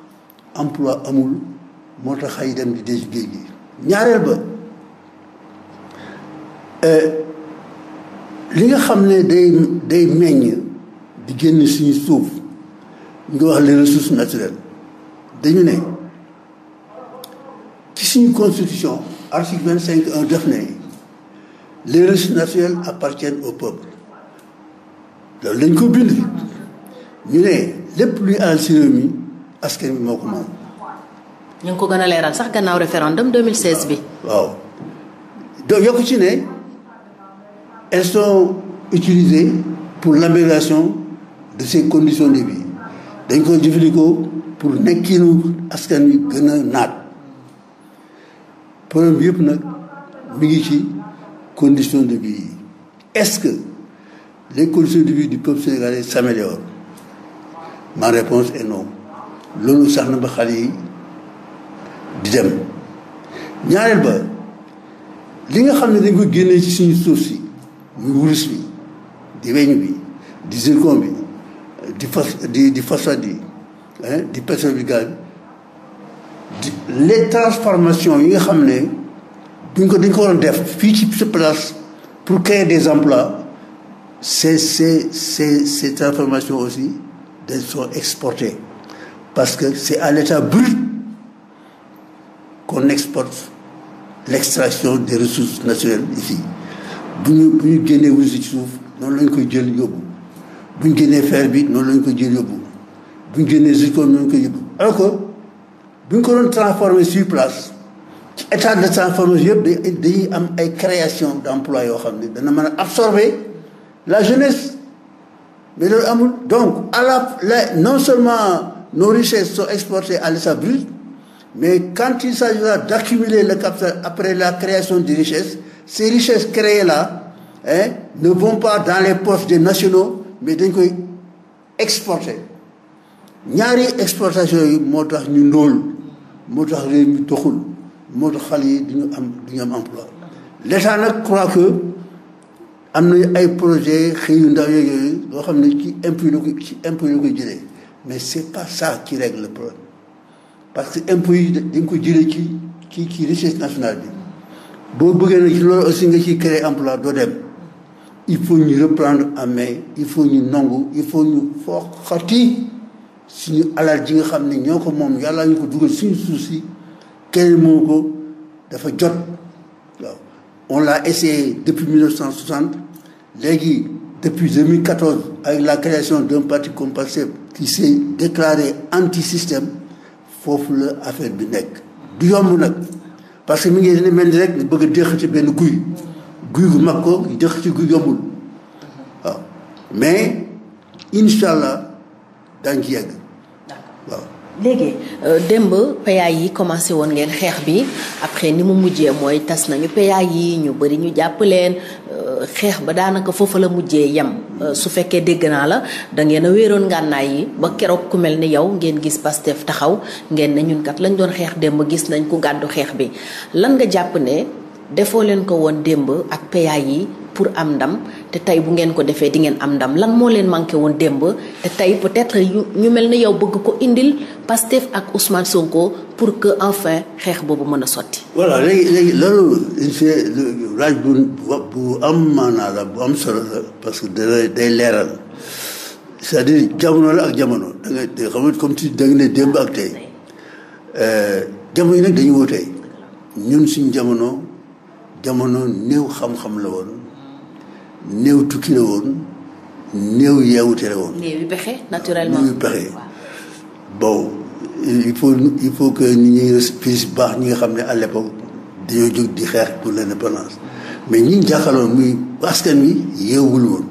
emploi amul moo tax ay dem di dee ci gi ñaareel ba euh, li nga xam ne day day meññ di génn suñu suuf nga wax les ressources naturelles dañu ne ci suñu constitution article vingt cinq un def ne les ressources naturelles appartiennent au peuple loolu dañ ko bind ñu ne lépp luy alal si réew mi askan bi moo ko moom ñu ngi ko gën a leeral sax gannaaw référendum 2016 bi. waaw donc yokk ci ne elles sont utilisées pour l'amélioration de ces conditions de vie dañ ko jëfandikoo pour nekkinu askan wi gën a naat problème bi yëpp nag mu ngi ci conditions de vie yi est-ce que les conditions de vie du peuple sénégalais s'améliorent ma réponse est non loolu sax na ba xale yi. di dem ñaareel ba li nga xam ne dañ ko génne ci suñu suuf si muy wurus bi di weñ bi di zircon bi di fas di di phosphate bi di pétrole bi gaz bi les yi nga xam ne duñ ko dañ ko waroon def fii ci place pour créer des emplois ces ces ces ces transformations aussi dañ sont exportées parce que c'est à l'état brut qu'on exporte l'extraction des ressources naturelles ici bu ñu bu ñu génnee wurus ci suuf noonu la koy jël yóbbu bu ñu génnee fer bi noonu la ñu koy jël yóbbu bu ñu génnee zircon noonu koy yóbbu alors que bu ñu ko doon transformer sur place état de transformation yëpp dañuy am ay création d'emploi yoo xam ne dana mën a la jeunesse mais loolu amul donc à la non seulement nos richesses soo exportées à l'état Mais quand il s'agira d'accumuler le capital après la création des richesses, ces richesses créées-là hein, ne vont pas dans les poches des nationaux, mais dañ koy exporter ñaari exportation yi moo tax ñu ndóol moo tax réew mi doxul moo tax xale yi duñu am duñu am emploi l'État nag croit que am na ay projet xëy yu ndaw yooyu loo xam ne ci impôt la ko ci impôt la ko jëlee mais c'est pas ça ci règle le problème parce que impôts yi dañ ko jëlee ci ci ci richesse nationale bi boo buggee nag ci loolu aussi nga ciy créer emploi doo dem il faut ñu reprendre en main il faut ñu nangu il faut ñu foqati suñu alal ji nga xam ne ñoo ko moom yàlla ñu ko dugal suñu suuf si keneen moo ko dafa jot waaw on l'a essayé depuis 1960 léegi depuis 2014 avec la création d'un parti comme PASTEF qui s'est déclaré anti-système foofu la affaire bi nekk du yomb nag parce que mi ngi ne mel ni rek bëgg a déq ci benn guy guy gu mag ko déq ci guy yombul mais incha allah daañ ci yegg léegi euh, démb PA yi commencé woon ngeen xeex bi après ni mu mujjee mooy tas nañu PA yi ñu bëri ñu jàpp leen euh, xeex ba daanaka foofu la mujjee yem euh, su fekkee dégg naa la da ngeen a wéeroon ngànnaay yi ba keroog ku mel ni yow ngeen gis Pastef taxaw ngeen ne ñun kat lañ doon xeex démb gis nañ ku gàddu xeex bi lan nga jàpp ne defoo leen ko woon démb ak PA yi pour am ndam te tey bu ngeen ko defee di ngeen am ndam lan moo leen manqué woon démb te tey peut-être ñu mel ni yow bëgg ko indil Pastef ak Ousmane Sonko pour que enfin xeex boobu mën a sotti. voilà léegi léegi loolu c'est laaj bu bu am maanaa bu am solo la parce que day day leeral cest à jamono la ak jamono da comme tu da nga tey euh, jamono yi nag dañu ñun suñu jamono jamono néew xam-xam la woon. néew tukki la woon néew yeewute la woon. néew yu pexe naturellement néew yu pexe bon il faut il faut que nit ñi puisse baax ñi nga xam ne à l'époque dañoo jóg di xeex pour l'indépendance mais ñi ñu jàkkaarloon muy askan wi yeewul woon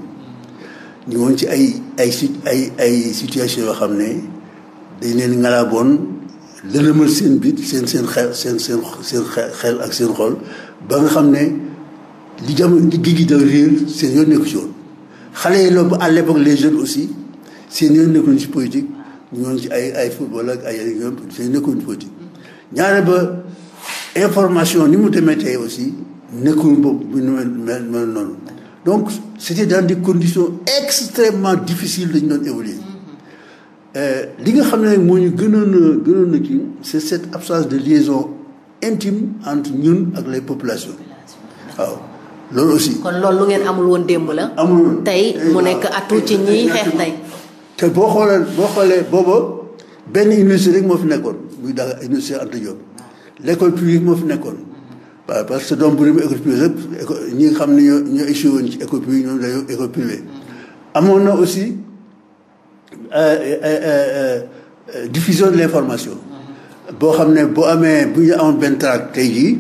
ñu woon ci ay ay su ay ay situation yoo xam ne dañ leen ngalaaboon lëlëmal seen bit seen seen xel seen seen seen xel ak seen xol ba nga xam ne. li jamono gi gi doon réer seen yoon nekku ci woon xale yi loolu à l'époque les jeunes aussi seen yoon nekkuñu ci politique ñoon ci ay ay football ak ay ay yoon seen nekkuñu politique ñaare ba information ni mu demee tey aussi nekkuñu boobu bu ñu mel mel noonu donc c'était dans des conditions extrêmement difficiles dañu doon évoluer mm-hmm. euh, li nga xam ne nag moo ñu gënoon a gënoon a kii c'est cette absence de liaison intime entre ñun ak les population waaw loolu aussi. kon loolu lu ngeen amul woon démb la. amul woon tey eh, mu nekk atout eh, ci ñiy xeex tey. te boo xoolee boo xoolee booba benn université rek moo fi nekkoon muy daal université Anta Diop l' école publique moo fi nekkoon. waaw parce que doom bu rëmm école privée yëpp ñi xam ne ñoo ñoo échoué woon ci école privée ñoom dañoo école privée amoon na aussi euh, euh, euh, diffusion de l' information. boo xam ne boo amee bu ñu amoon benn tract tey jii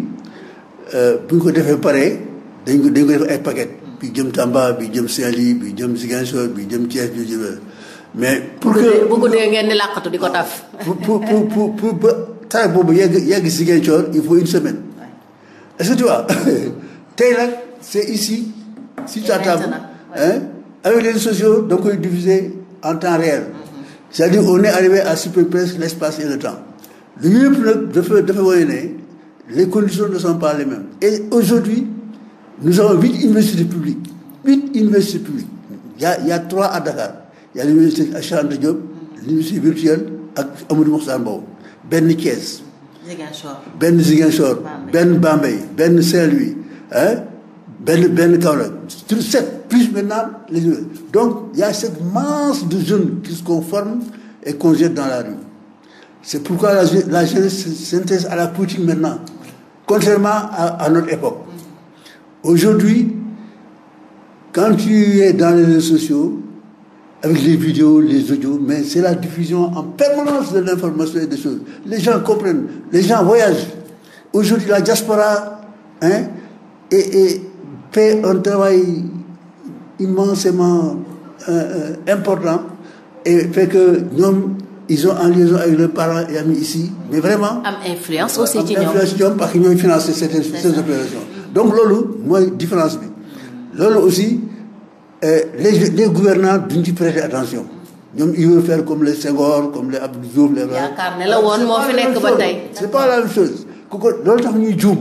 bu ñu ko defee pare. dañ ko dañ ay paquet bi jëm Tamba bi jëm Saint-Louis bi jëm Ziguinchor bi jëm Thiès bi jëm mais pour que ngeen di làqatu di ko taf. pour pour pour ba taal boobu yegg yegg Ziguinchor il faut une semaine est-ce que tu vois <laughs> tey nag c'est ici. si tu attends avec les réseaux sociaux da koy diviser en temps réel. Mm-hmm. c'est-à-dire on est arrivé à supprimer presque l'espace et le temps. lu yëpp nag dafa dafa wane ne les conditions ne sont pas et aujourd'hui Nous avons huit universités publiques. Huit universités publiques. Il y a, trois à Dakar. Il y a l'université à virtuelle ak Amadou Mahtar Mbow. benn Thiès. Ziguinchor. benn Ziguinchor. benn Bambey benn Saint-Louis. Hein? benn benn Kaolack. sur sept plus maintenant les donc il y a cette masse de jeunes qui se conforment et qu'on jette dans la rue. C'est pourquoi la, la jeunesse s'intéresse à la politique maintenant, contrairement à, à notre époque. Aujourd'hui, quand tu es dans les réseaux sociaux, avec les vidéos, les audios, mais c'est la diffusion en permanence de l'information et des choses. Les gens comprennent, les gens voyagent. Aujourd'hui, la diaspora hein, et, et fait un travail immensément euh, euh important et fait que nous, ils ont en liaison avec leurs parents et amis ici, mais vraiment. Am influence aussi, Am influence, parce qu'ils ont financé certaines opérations. donc loolu mooy différence bi loolu aussi euh, les les gouvernants duñ ci prêter attention ñoom ils veulent faire comme les Senghor comme les Abdou Diouf les. yaakaar ne la woon moo fi nekk ba tey. c'est pas la même chose ku ko loolu tax ñuy juum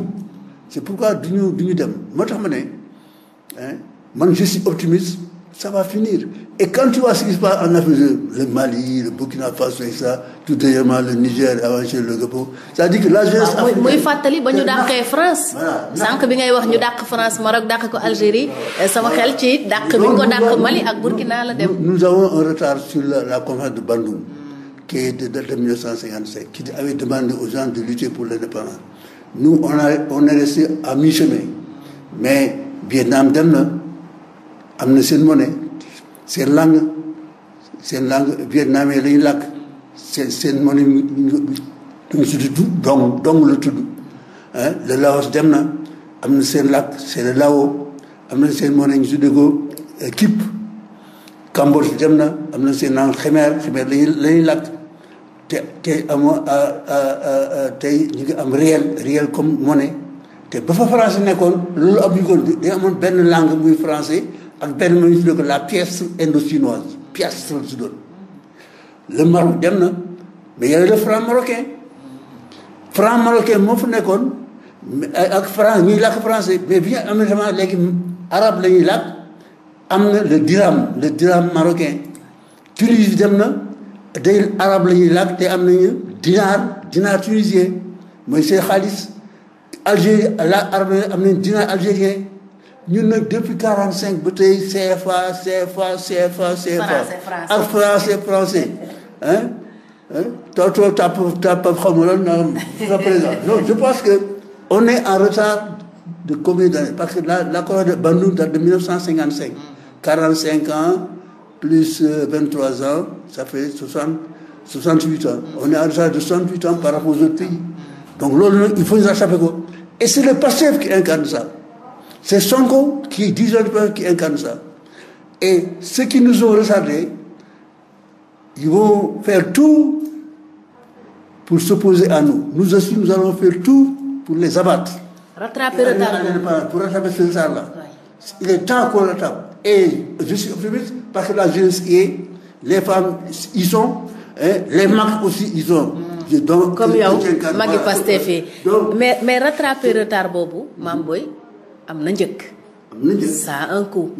c'est pourquoi duñu duñu dem moo tax ma ne man je suis ça va finir. Et quand tu vois ce ba ñu dàqee France. voilà bi ngay wax ñu dàq France Maroc dàq ko Algérie sama xel ci dàq bi ñu ko dàq Mali ak Burkina la dem. nous avons sur la la de Bandung. qui est de de 1955 qui avait demandé aux gens de lutter pour l'indépendance nous on a on à mi-chemin mais Vietnam dem na. am na seen monnaie seen langue seen langue vietnamien la ñu làkk seen seen monnaie ñu tudd dong dong la tudd ah Laos dem na am na seen làkk c'est le Lao am na seen mone ñu tuddee ko euh, Kip Cambodge dem na am na seen langue xemer Khmer la ñuy la te te amoo tey ñu am réel réel comme monnaie te ba fa français nekkoon loolu amuñu ko day amoon benn langue muy français. ak benn ministre de la pièce indochinoise pièce sud le Maroc dem na mais y avait le franc marocain franc moo fa nekkoon euh, ak franc ñuy làkk français mais bi ñu aménagement léegi arabe la ñuy làkk am na le dirham le dirham marocain Tunisie dem na day arabe la ñuy làkk te am nañu dinaar dinaar tunisien mooy seen xaalis Algérie la arabe am nañu dinaar algérien ñun nag depuis quarante cinq ba tey CFA CFA CFA CFA ak ah, français français hein toto tap tap xamul lan na je pense que on est en retard de combien d'années parce que la l'accord de Bandung date de 1955 45 ans plus 23 euh, ans ça fait 60 68 ans on est en retard de 68 ans par rapport aux autres pays donc loolu nag il faut ñu rattraper et c'est le PASTEF qui incarne ça C'est Sonko qui est 19 qui incarne ça. Et ceux qui nous ont retardés, ils vont faire tout pour s'opposer à nous. Nous aussi, nous allons faire tout pour les abattre. Rattraper le retard. Euh, pour rattraper ce retard-là. Il est temps qu'on rattrape. Et je parce que la jeunesse y est, les femmes y sont, les marques aussi y sont. Mmh. Donc, Comme yow, magi Pastef mais mais rattraper retard boobu Mame am na njëkk. am un coût.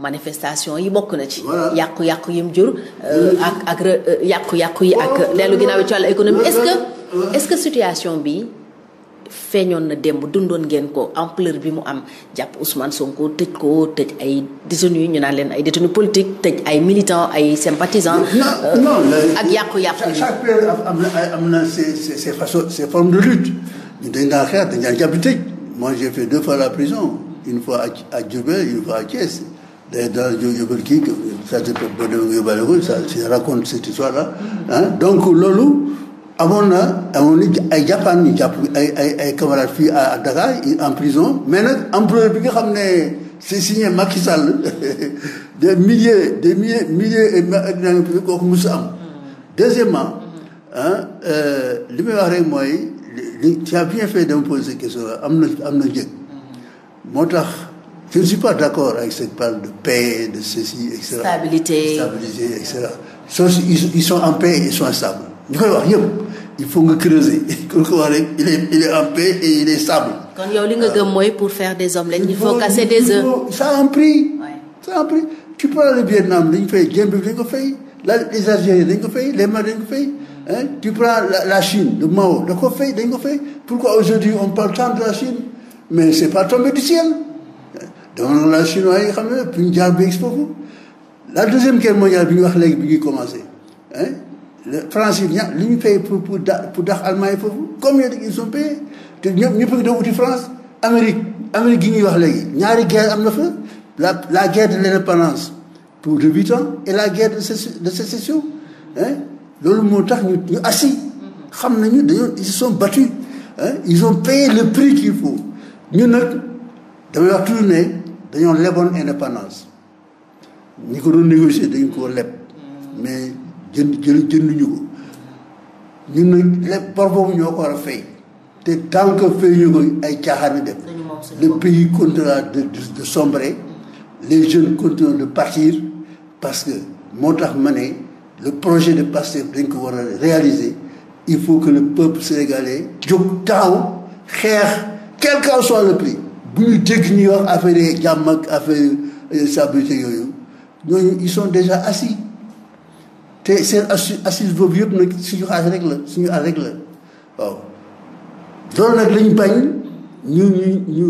manifestation yi bokk na ci. yàqu-yàqu yim jur. Euh, ak ak euh, yàqu-yàqu yi ak. Oh. dellu ginnaaw ci wàllu économie est-ce que est-ce que situation bi. feeñoon na démb dundoon ngeen ko ampleur bi mu am jàpp Ousmane Sonko tëj ko tëj ay détenus ñu naa leen ay détenus politique tëj ay militants ay sympathisants. Euh, ak yàqu-yàqu yi chaque période am na am na ses ses de lutte ñu dañ daan xeex dañ daan jàpp tëj. Moi, j'ai fait deux fois la prison, une fois à, à Durbel, une fois à Thiès. D'ailleurs, dans le Jobel Kik, ça c'est ça raconte cette histoire-là. Donc, Lolo, amoon na amoon nañ ay jàppaan ñu jàpp ay ay ay camarades fii à Dakar en prison mais nag empereur bi nga xam ne c'est signé Macky Sall <laughs> des milliers des milliers milliers et naan kooku musu am. Mm. deuxièmement euh, li may wax rek mooy li tu as bien fait de me poser cette question am na am na moo tax je ne suis pas d'accord avec cette parle de paix de ceci et stabilité stabilité et cetera sont en paix et sont stables ñu koy wax yëpp il faut nga creuser <laughs> kon ko wax rek il est en paix et il est stable. kon yow li nga gëm mooy pour faire des omelettes il faut casser des œufs. ça a un prix. ça tu parles le Vietnam dañ fay jën bi dañ ko les Algériens dañ ko les Maliens dañ tu prends la, la Chine de Mao da ko fay dañ ko fay pourquoi aujourd'hui on parle tant de la Chine mais c'est pas tombé du ciel dama la chinois yi xam ne bu ñu jaar ba expo ko la deuxième guerre mondiale bi ñu wax léegi bi ñuy commencé France yi ña li ñu payé pour pour da pour dax Allemagne foofu combien ils sont payés te ñëpp ñëpp a ngi doon wuti France Amérique Amérique gi ñuy wax léegi ñaari guerre am na fa la la guerre de l'indépendance pour de huit ans et la guerre de sécession hein loolu moo tax ñu ñu assis xam nañu dañoo ils se sont battus ils ont payé le prix kii faut ñu nag damay wax toujours ne dañoo leboon indépendance ñi ko doon négocier dañ ko leb mais jën jënd jënduñu ko ñun nag leb bor boobu ñoo ko war a fay te tant que fay ñu ko ay caaxaan def le pays continuera de de sombrer les jeunes continuent de partir parce que moo tax ma ne le projet de PASTEF dañ ko war a réaliser il faut que le peuple sénégalais jóg taxaw xeex quel qu'en soit le prix bu ñu dégg ñuy wax affaire yi jàmm ak affaire euh, stabilité yooyu ñooñu ils sont déjà assis te seen assis assise boobu yëpp nag suñu xaaj rek la suñu àll rek la waaw loolu nag lañ bañ ñu ñu ñu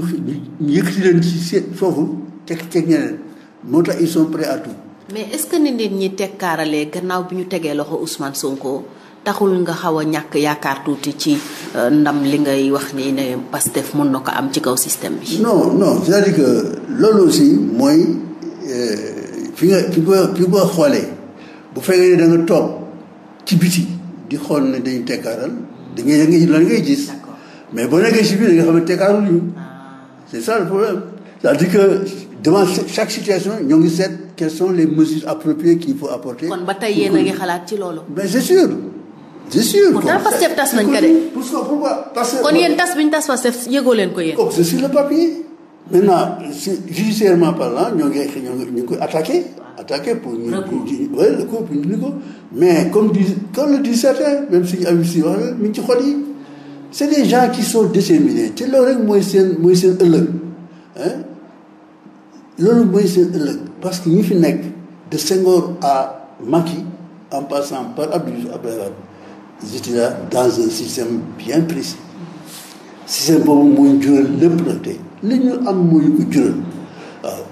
ñu yëkkati leen ci seen foofu teg teg ñeneen moo tax ils sont prêts à tout mais est-ce que ni nit ñi tekkaaralee gannaaw bi ñu tegee loxo Ousmane Sonko taxul nga xaw a ñàkk yaakaar tuuti ci euh, ndam li ngay wax ni ne Pastef mun na ko am ci kaw système bi. non non c'est-à-dire que loolu aussi mooy euh, fi nga fi nga fi nga xoolee bu fekkee ne da nga toog ci biti di xool ne dañu tekkaaral da ngay lan ngay gis. mais boo nekkee ci biir da nga xam ne tekkaarul ñu. Ah. c'est ça le problème c'est-à-dire ñoo ngi seet. quelles les mesures appropriées qu'il faut apporter. kon ba tey yéen a ngi xalaat ci loolu. mais c'est sûr c'est sûr. pourtant Pastef tas nañ ko de. parce que pourquoi parce kon yéen tas bi ñu tas Pastef yëgoo leen ko yéen. donc oh, c'est la le papier. maintenant si judiciairement parlant ñoo ngi ñoo ngi ñu koy attaqué. attaqué pour ñu. pour le coup ko. mais comme di comme le dit certains même si Habib Sy wax mi ci xol yi. c'est des gens qui sont déterminés te loolu rek mooy seen mooy seen ëllëg. loolu mooy seen ëllëg parce que ñu fi nekk de Senghor à Macky en passant par Abdou Diouf Abdoulaye Wade j'étais là dans un système bien précis système boobu moo ñu jural lépp nag tey li ñu am moo ñu ko jural waaw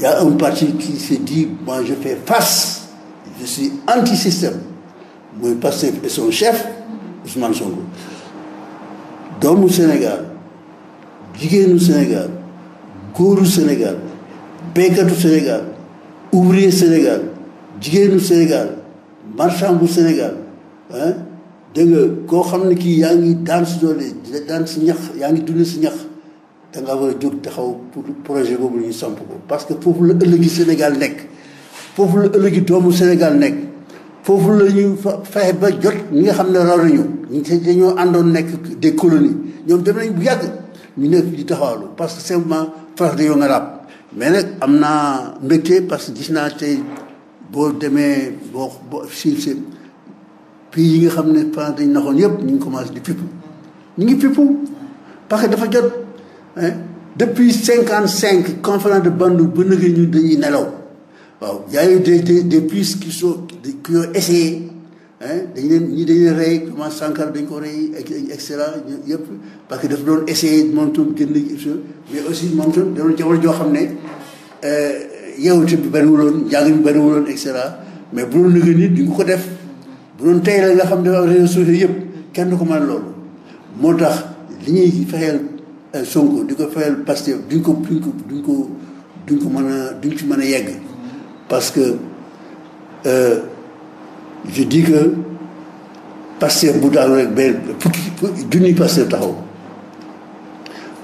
y a un parti qui s'est dit moi je fais face je suis anti système mooy Pastef et son chef Ousmane Sonko doomu Sénégal jigéenu Sénégal góoru Sénégal béykatu Sénégal ouvrier Sénégal jigéenu Sénégal marchand bu Sénégal ah dégg nga koo xam ne kii yaa ngi daan si doole daan si ñax yaa ngi dund si ñax da ngaa war a jóg taxaw pour projet boobu la ñu samp ko parce que foofu la ëllëgi Sénégal nekk foofu la ëllëgi doomu Sénégal nekk foofu la ñu fa fexe ba jot ñi nga xam ne raw nañu ñu ñoo àndoon nekk des colonies ñoom dem nañ bu yàgg ñu nekk di taxawalu parce que simplement France dañoo ngarab mais nag am naa mbégte parce que gis naa tey boo demee boo boo si si pays yi nga xam ne France dañ naxoon yëpp ñu ngi commencé di fippu ñu ngi fippu parce que dafa jot depuis cinquante cinq conférence de Bandung ba nëgee ñu dañuy nelaw waaw y a eu de des des prises qui sont qui ont dañ leen ñi dañ leen rey comment Sankara dañ ko rey et cetera yëpp parce que daf doon essayer moom tam génn mais aussi moom tam doon jamono joo xam ne euh, yeewute bi bariwuloon njàng bi bariwuloon et cetera mais bu doon nëgën nit ko def bu doon tey la nga xam ne réseaux sociaux yëpp kenn du ko mën loolu moo tax li ñuy fexeel euh, Sonko di ko fexeel Pastef duñ ko duñ ko duñ ko duñ ko mën a duñ ci mën a yegg parce que euh, je di que Pastef bu daanu rek benn fukki junni Pastef taxaw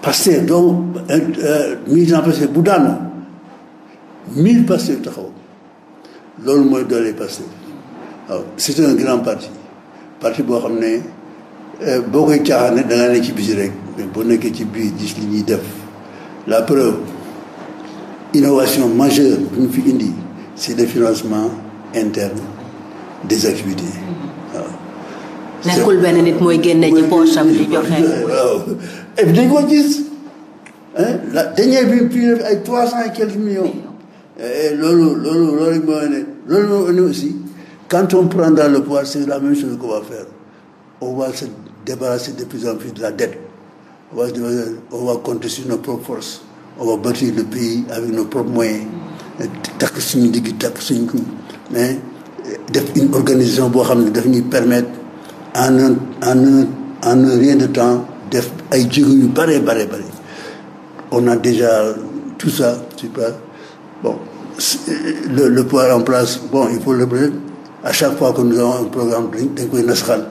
Pastef donc euh, euh, militant Pastef bu daanu mille Pastef taxaw loolu mooy doole Pastef waaw c'est un grand partie parti boo xam ne euh, boo koy caaxaan da nga ne ci biir rek mais boo nekkee ci biir gis li ñuy def la preuve innovation majeure bu ñu fi indi c'est le financement interne des nekkul benn nit mooy génne ci poche am di joxe. waaw et puis dañ ko la dernière bi plus ay trois cent et quelques millions. loolu loolu loolu mooy ne loolu moo aussi quand prendra le pouvoir c'est la même chose qu'on va faire on va se débarrasser de plus en plus de la dette on va se débarrasser on va compter sur nos propres forces on va bâtir le pays avec nos propres moyens takk suñu digg takk suñu mais def une organisation boo xam ne daf ñuy permettre en un rien de temps def ay jéego yu bare bare bare on a déjà tout ça tu vois le le pouvoir en place bon il faut le à chaque fois que nous avons un programme dañ koy nasaxal.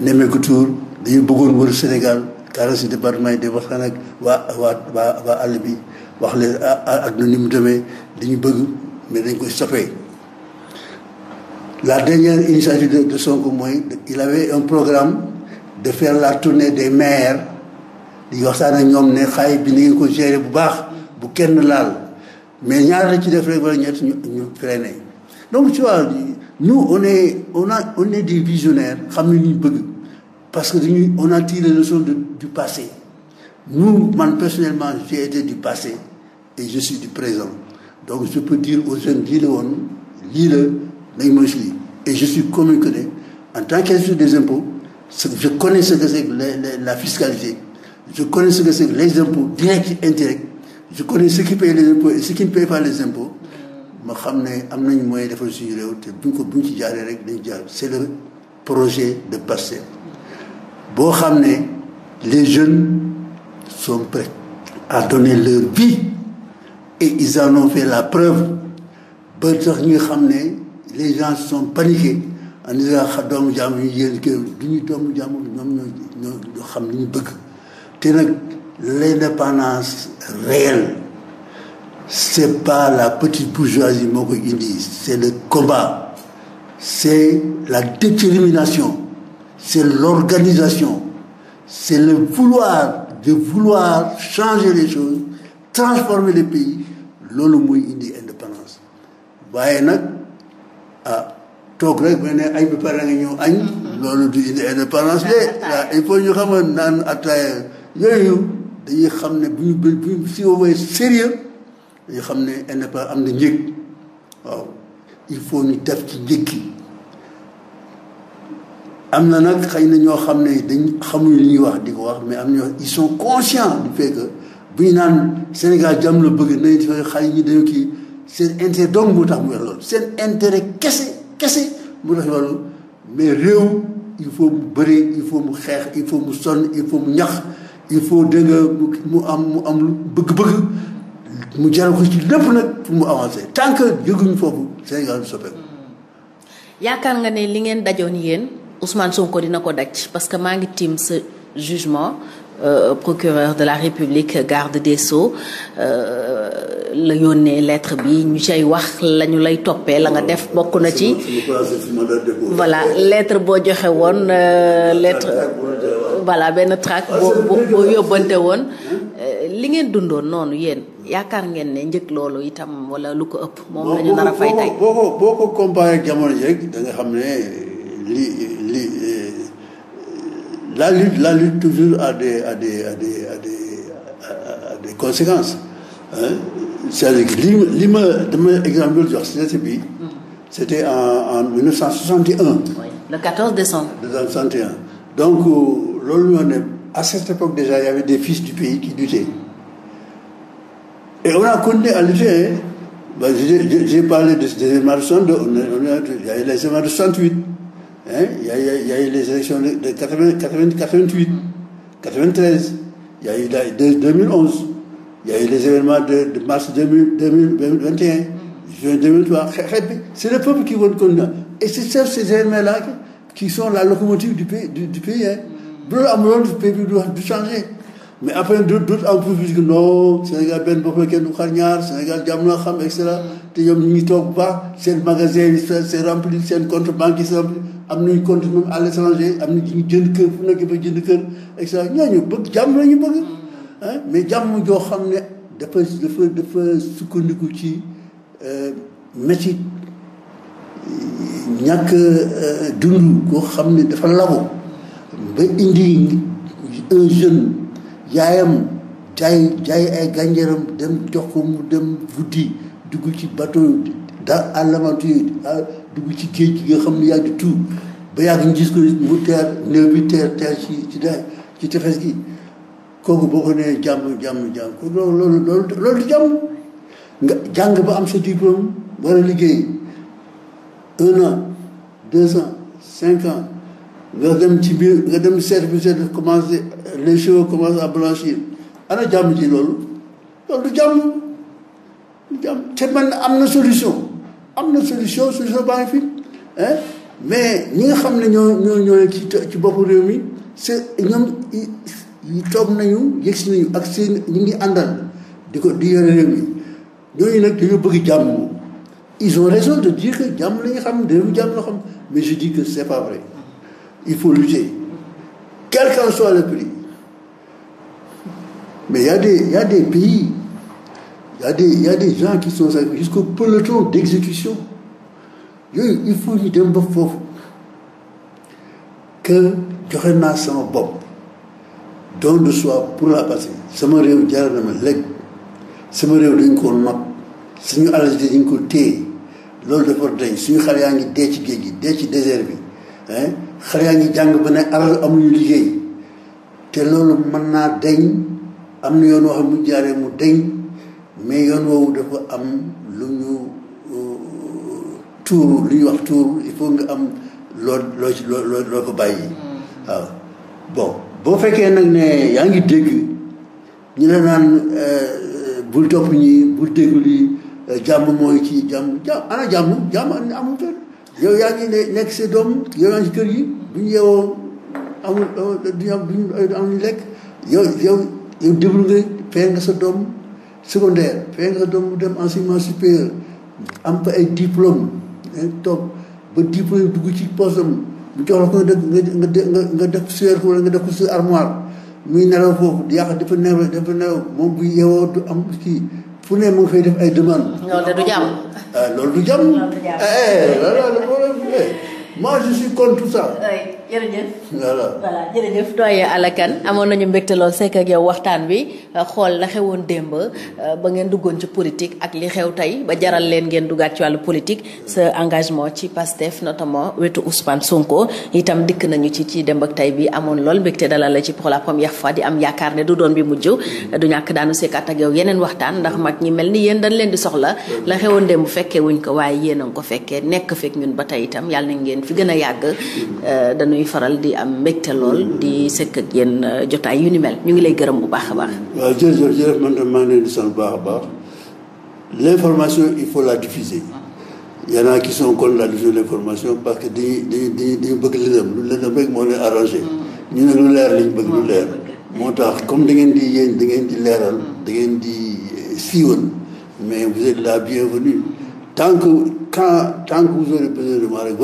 nemmeeku tour dañu bëggoon wër Sénégal carré si département yi di waxtaan ak waa waa waa waa àll bi wax leen adduna ni mu demee dañu bëgg mais dañ koy soppeeku. La dernière initiative de, de Sonko mooy il avait un programme de faire la tournée des maires di waxtaan ak ñoom ne xaay bi ni ngeen ko gérer bu baax bu kenn laal mais ñaar la ci def rek wala ñu ñu donc tu vois nous on est on a on est xam ne ñu bëgg parce que dañuy on a tiré les leçons du passé nous man personnellement j'ai été du passé et je suis du présent donc je peux dire aux jeunes lii la woon lii dañ mooy lii et je suis convaincu en tant qu'inspecteur des impôts je connais ce que c'est que la fiscalité je connais ce que c'est que les impôts directs et indirects je connais ceux qui paient les impôts et ceux qui ne paient pas les impôts ma xam ne am nañ moyen defal suñu réew te buñ ko ci jaaree rek dañ jaar c'est le projet de Pastef boo xam ne les jeunes sont prêts à donner leur vie et ils en ont fait la preuve ba tax ñu xam ne les gens sont paniqués en disant doomu jàmm ñu yéen kër du ñu doomu jàmm ñoom ñoo ñoo xam li ñu bëgg te nag l'indépendance réelle c'est pas la petite bourgeoisie moo koy indi c'est le combat c'est la détermination c'est l'organisation c'est le vouloir de vouloir changer les choses transformer le pays loolu muy indi indépendance waaye nag ah toog rek mais ne añ bi pare nga ñëw añ. loolu du indi indépendance de. Ah, ah, il faut ñu xam naan attaaya yooyu dañuy xam ne bu ñu bu ñu si xam ne indépendance am na njëg waaw il ñu def ci njëg am na nag xëy na ñoo xam ne dañ xamuñ li ñuy wax di ko wax mais am ñoo ils sont conscients du fait que bu ñu naan Sénégal jàmm la bëgg nañ fa xale ñi dañu kii. seen intérêt donc moo tax mu wax loolu seen intérêt kese kese mu tax loolu mais réew il faut mu bëri il faut mu xeex il faut mu sonn il faut mu ñax il faut dégg nga mu am mu am bëgg-bëgg mu jaral ci lépp nag pour mu avancer tant que yëguñu foofu Sénégal du soppeeku. Hmm. yaakaar nga ne li ngeen dajoon yéen soo ko dina ko daj parce que maa ngi tiim sa jugement. Euh, euh, procureur de la République garde de so euh, la yónnee lettre bi ñu cay wax la lay toppee la nga def bokk na ci voilà lettre boo joxe woon lettre balaa benn ah, tract boo boo yóbbante woon li ngeen dundoon noonu yéen yaakaar ngeen ne njëkk loolu itam wala lu ko ëpp moom la ñu nar tey la lutte, la lutte toujours a des, a des, a des, a des, a des conséquences. Hein? cest li ma dama exemple jox si bi mm. c'était en en 1961. oui le 14 décembre. 1961 donc euh, loolu moo ne à cette époque déjà il y avait des fils du pays qui luttaient et on a continué à j'ai parlé de des événements de 68 on on les événements de 68. hein il y a, il y a eu les élections de, de 80, 80, 88, 93, il y a eu la, de, 2011, il y a eu les événements de, de mars 2000, 2021, juin 2003. C'est le peuple qui vote qui sont la locomotive du pays. Du, du pays hein. loolu amul woon pays du changé mais après d' autres am public non Sénégal benn bopp kenn du xar ñaar Sénégal jàmm naa xam et te ñoom ñu ngi toog ba baax magasin yi c' rempli seen compte banque yi rempli am na compte même am na ñu jënd kër fu nekk ba jënd kër et cetera ñooñu bëgg jàmm la ñu bëgg mais jàmm joo xam ne dafa dafa dafa sukkandiku ci euh, métit ñàkk euh, dund koo xam ne dafa labo ba indi un jeune yaayam jaay jaay ay gànjaram dem jox ko mu dem guddi dugg ci bateau dans à l'aventure dugg ci géej gi nga xam ne yàgg tuub ba yàgg ñu gis ko mu teer néew bi teer teer ci ci daay ci tefes gi kooku boo ko nee jàmm jàmm jàmm ko loolu loolu loolu du jàmm nga jàng ba am sa diplôme liggéey un an deux ans nga dem ci biir nga dem service de commencé les cheveux commencent à blanchir ana jàmm ji loolu loolu du jàmm du jàmm te man am na solution am na solution solution baa ngi fi mais ñi nga xam ne ñoo ñoo ñoo ci ci boppu réew mi c'est ñoom toog nañu yëg si nañu ak seen ñu ngi àndal di ko di yore réew mi ñooñu nag dañoo bëgg jàmm ils ont raison de dire que jàmm la ñu xam réew mi jàmm la xam mais je dis que c'est pas vrai il faut lutter quel qu'en soit le prix mais y a des y a des pays Il y a des, il y a des gens qui sont jusqu'au peloton d'exécution. Il faut ñu dem ba foofu que joxe naa sama bopp don de soi pour la passer sama réew jaral na ma lekk sama réew dañ ko nopp suñu alal ji dañ ko téye loolu dafa dañ suñu xale yaa ngi dee ci géej gi dee ci désert bi xale yaa ngi jàng ba ne alal amuñu liggéey te loolu mën naa dañ am na yoon wax mu jaaree mu dañ mais yoon woowu dafa am lu ñu euh, tuuru lu ñuy wax tuur il faut nga am lool loo ci loo loo ko bàyyi mm. waaw boo fekkee nag ne yaa ngi dégg ñu la naan euh, bul topp ñi bul déglu li euh, jàmm mooy ci jàmm jàmm ana ah, jàmm jàmm amul fenn yow yaa ngi nekk sa doom yow yaa ci kër gi bu ñu yeewoo amul duñu am duñu am ñu lekk yow yow yow nga fee nga sa doom secondaire fekk nga doom dem enseignement supérieur am fa ay diplôme eh, toog ba diplôme dugg ci poosam bu jox la ko nga def nga nga def sueur wala nga def ko su armoire muy nelaw foofu di yàq dafa nelaw dafa nelaw moom bu yeewoo du am kii fu ne mu ngi fay def ay demande loolu du jàmm. Ah, loolu du jàmm. loolu du eh, eh, tout ça. jërëjëf. voilà voilà jërëjëf amoon nañu mbégte lool sekk ak yow waxtaan bi xool la xewoon démb euh, ba ngeen duggoon ci politique ak li xew tey ba jaral leen ngeen duggaat ci wàllu politique sa engagement ci PASTEF notamment wetu Ousmane Sonko itam dikk nañu ci ci démb ak tey bi amoon lool mbégte dalal la ci pour la première fois di am yaakaar ne du doon bi mujj du ñàkk daanu sekkaat ak yow yeneen waxtaan ndax mag ñi mel ni yéen dañ leen di soxla la xewoon démb fekkee wuñ ko waaye yéen a ngi ko fekkee nekk fekk ñun ba tey itam yàlla nañ ngeen fi gën a yàgg euh, ñuy faral di am mbégte lool di sekk ak yéen euh, jotaay yu ni mel ñu ngi lay gërëm bu baax a baax. waaw jërëjëf jërëjëf man tam maa ngi leen di bu baax a baax l' information il faut la diffuser. y en a qui sont contre la diffusion de l' information parce que dañuy dañuy bëgg lëndëm lu lëndëm rek moo leen arrangé mm. ñu ne lu leer lañ bëgg lu leer. moo tax comme da ngeen di yéen da ngeen di leeral da ngeen di euh, siiwal mais vous êtes la bienvenue tant que quand que vous aurez besoin de moi rek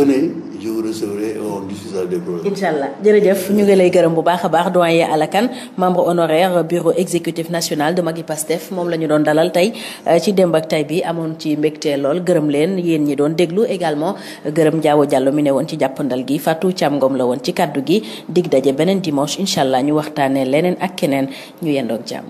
je vous allah jërëjëf ñu ngi lay gërëm bu baax a baax doyen Alakane membre honoraire bureau exécutif national de Magui Pastef moom la ñu doon dalal tey eh, ci démb ak tay bi amoon ci mbégte lool gërëm leen yéen ñi doon déglu également gërëm Jaawo Jàllo mi ne woon ci jàppandal gi Fatou Thiam Ngom la woon ci kaddu gi dig daje beneen dimanche incha allah ñu waxtaanee leneen ak keneen ñu yendoog jàmm.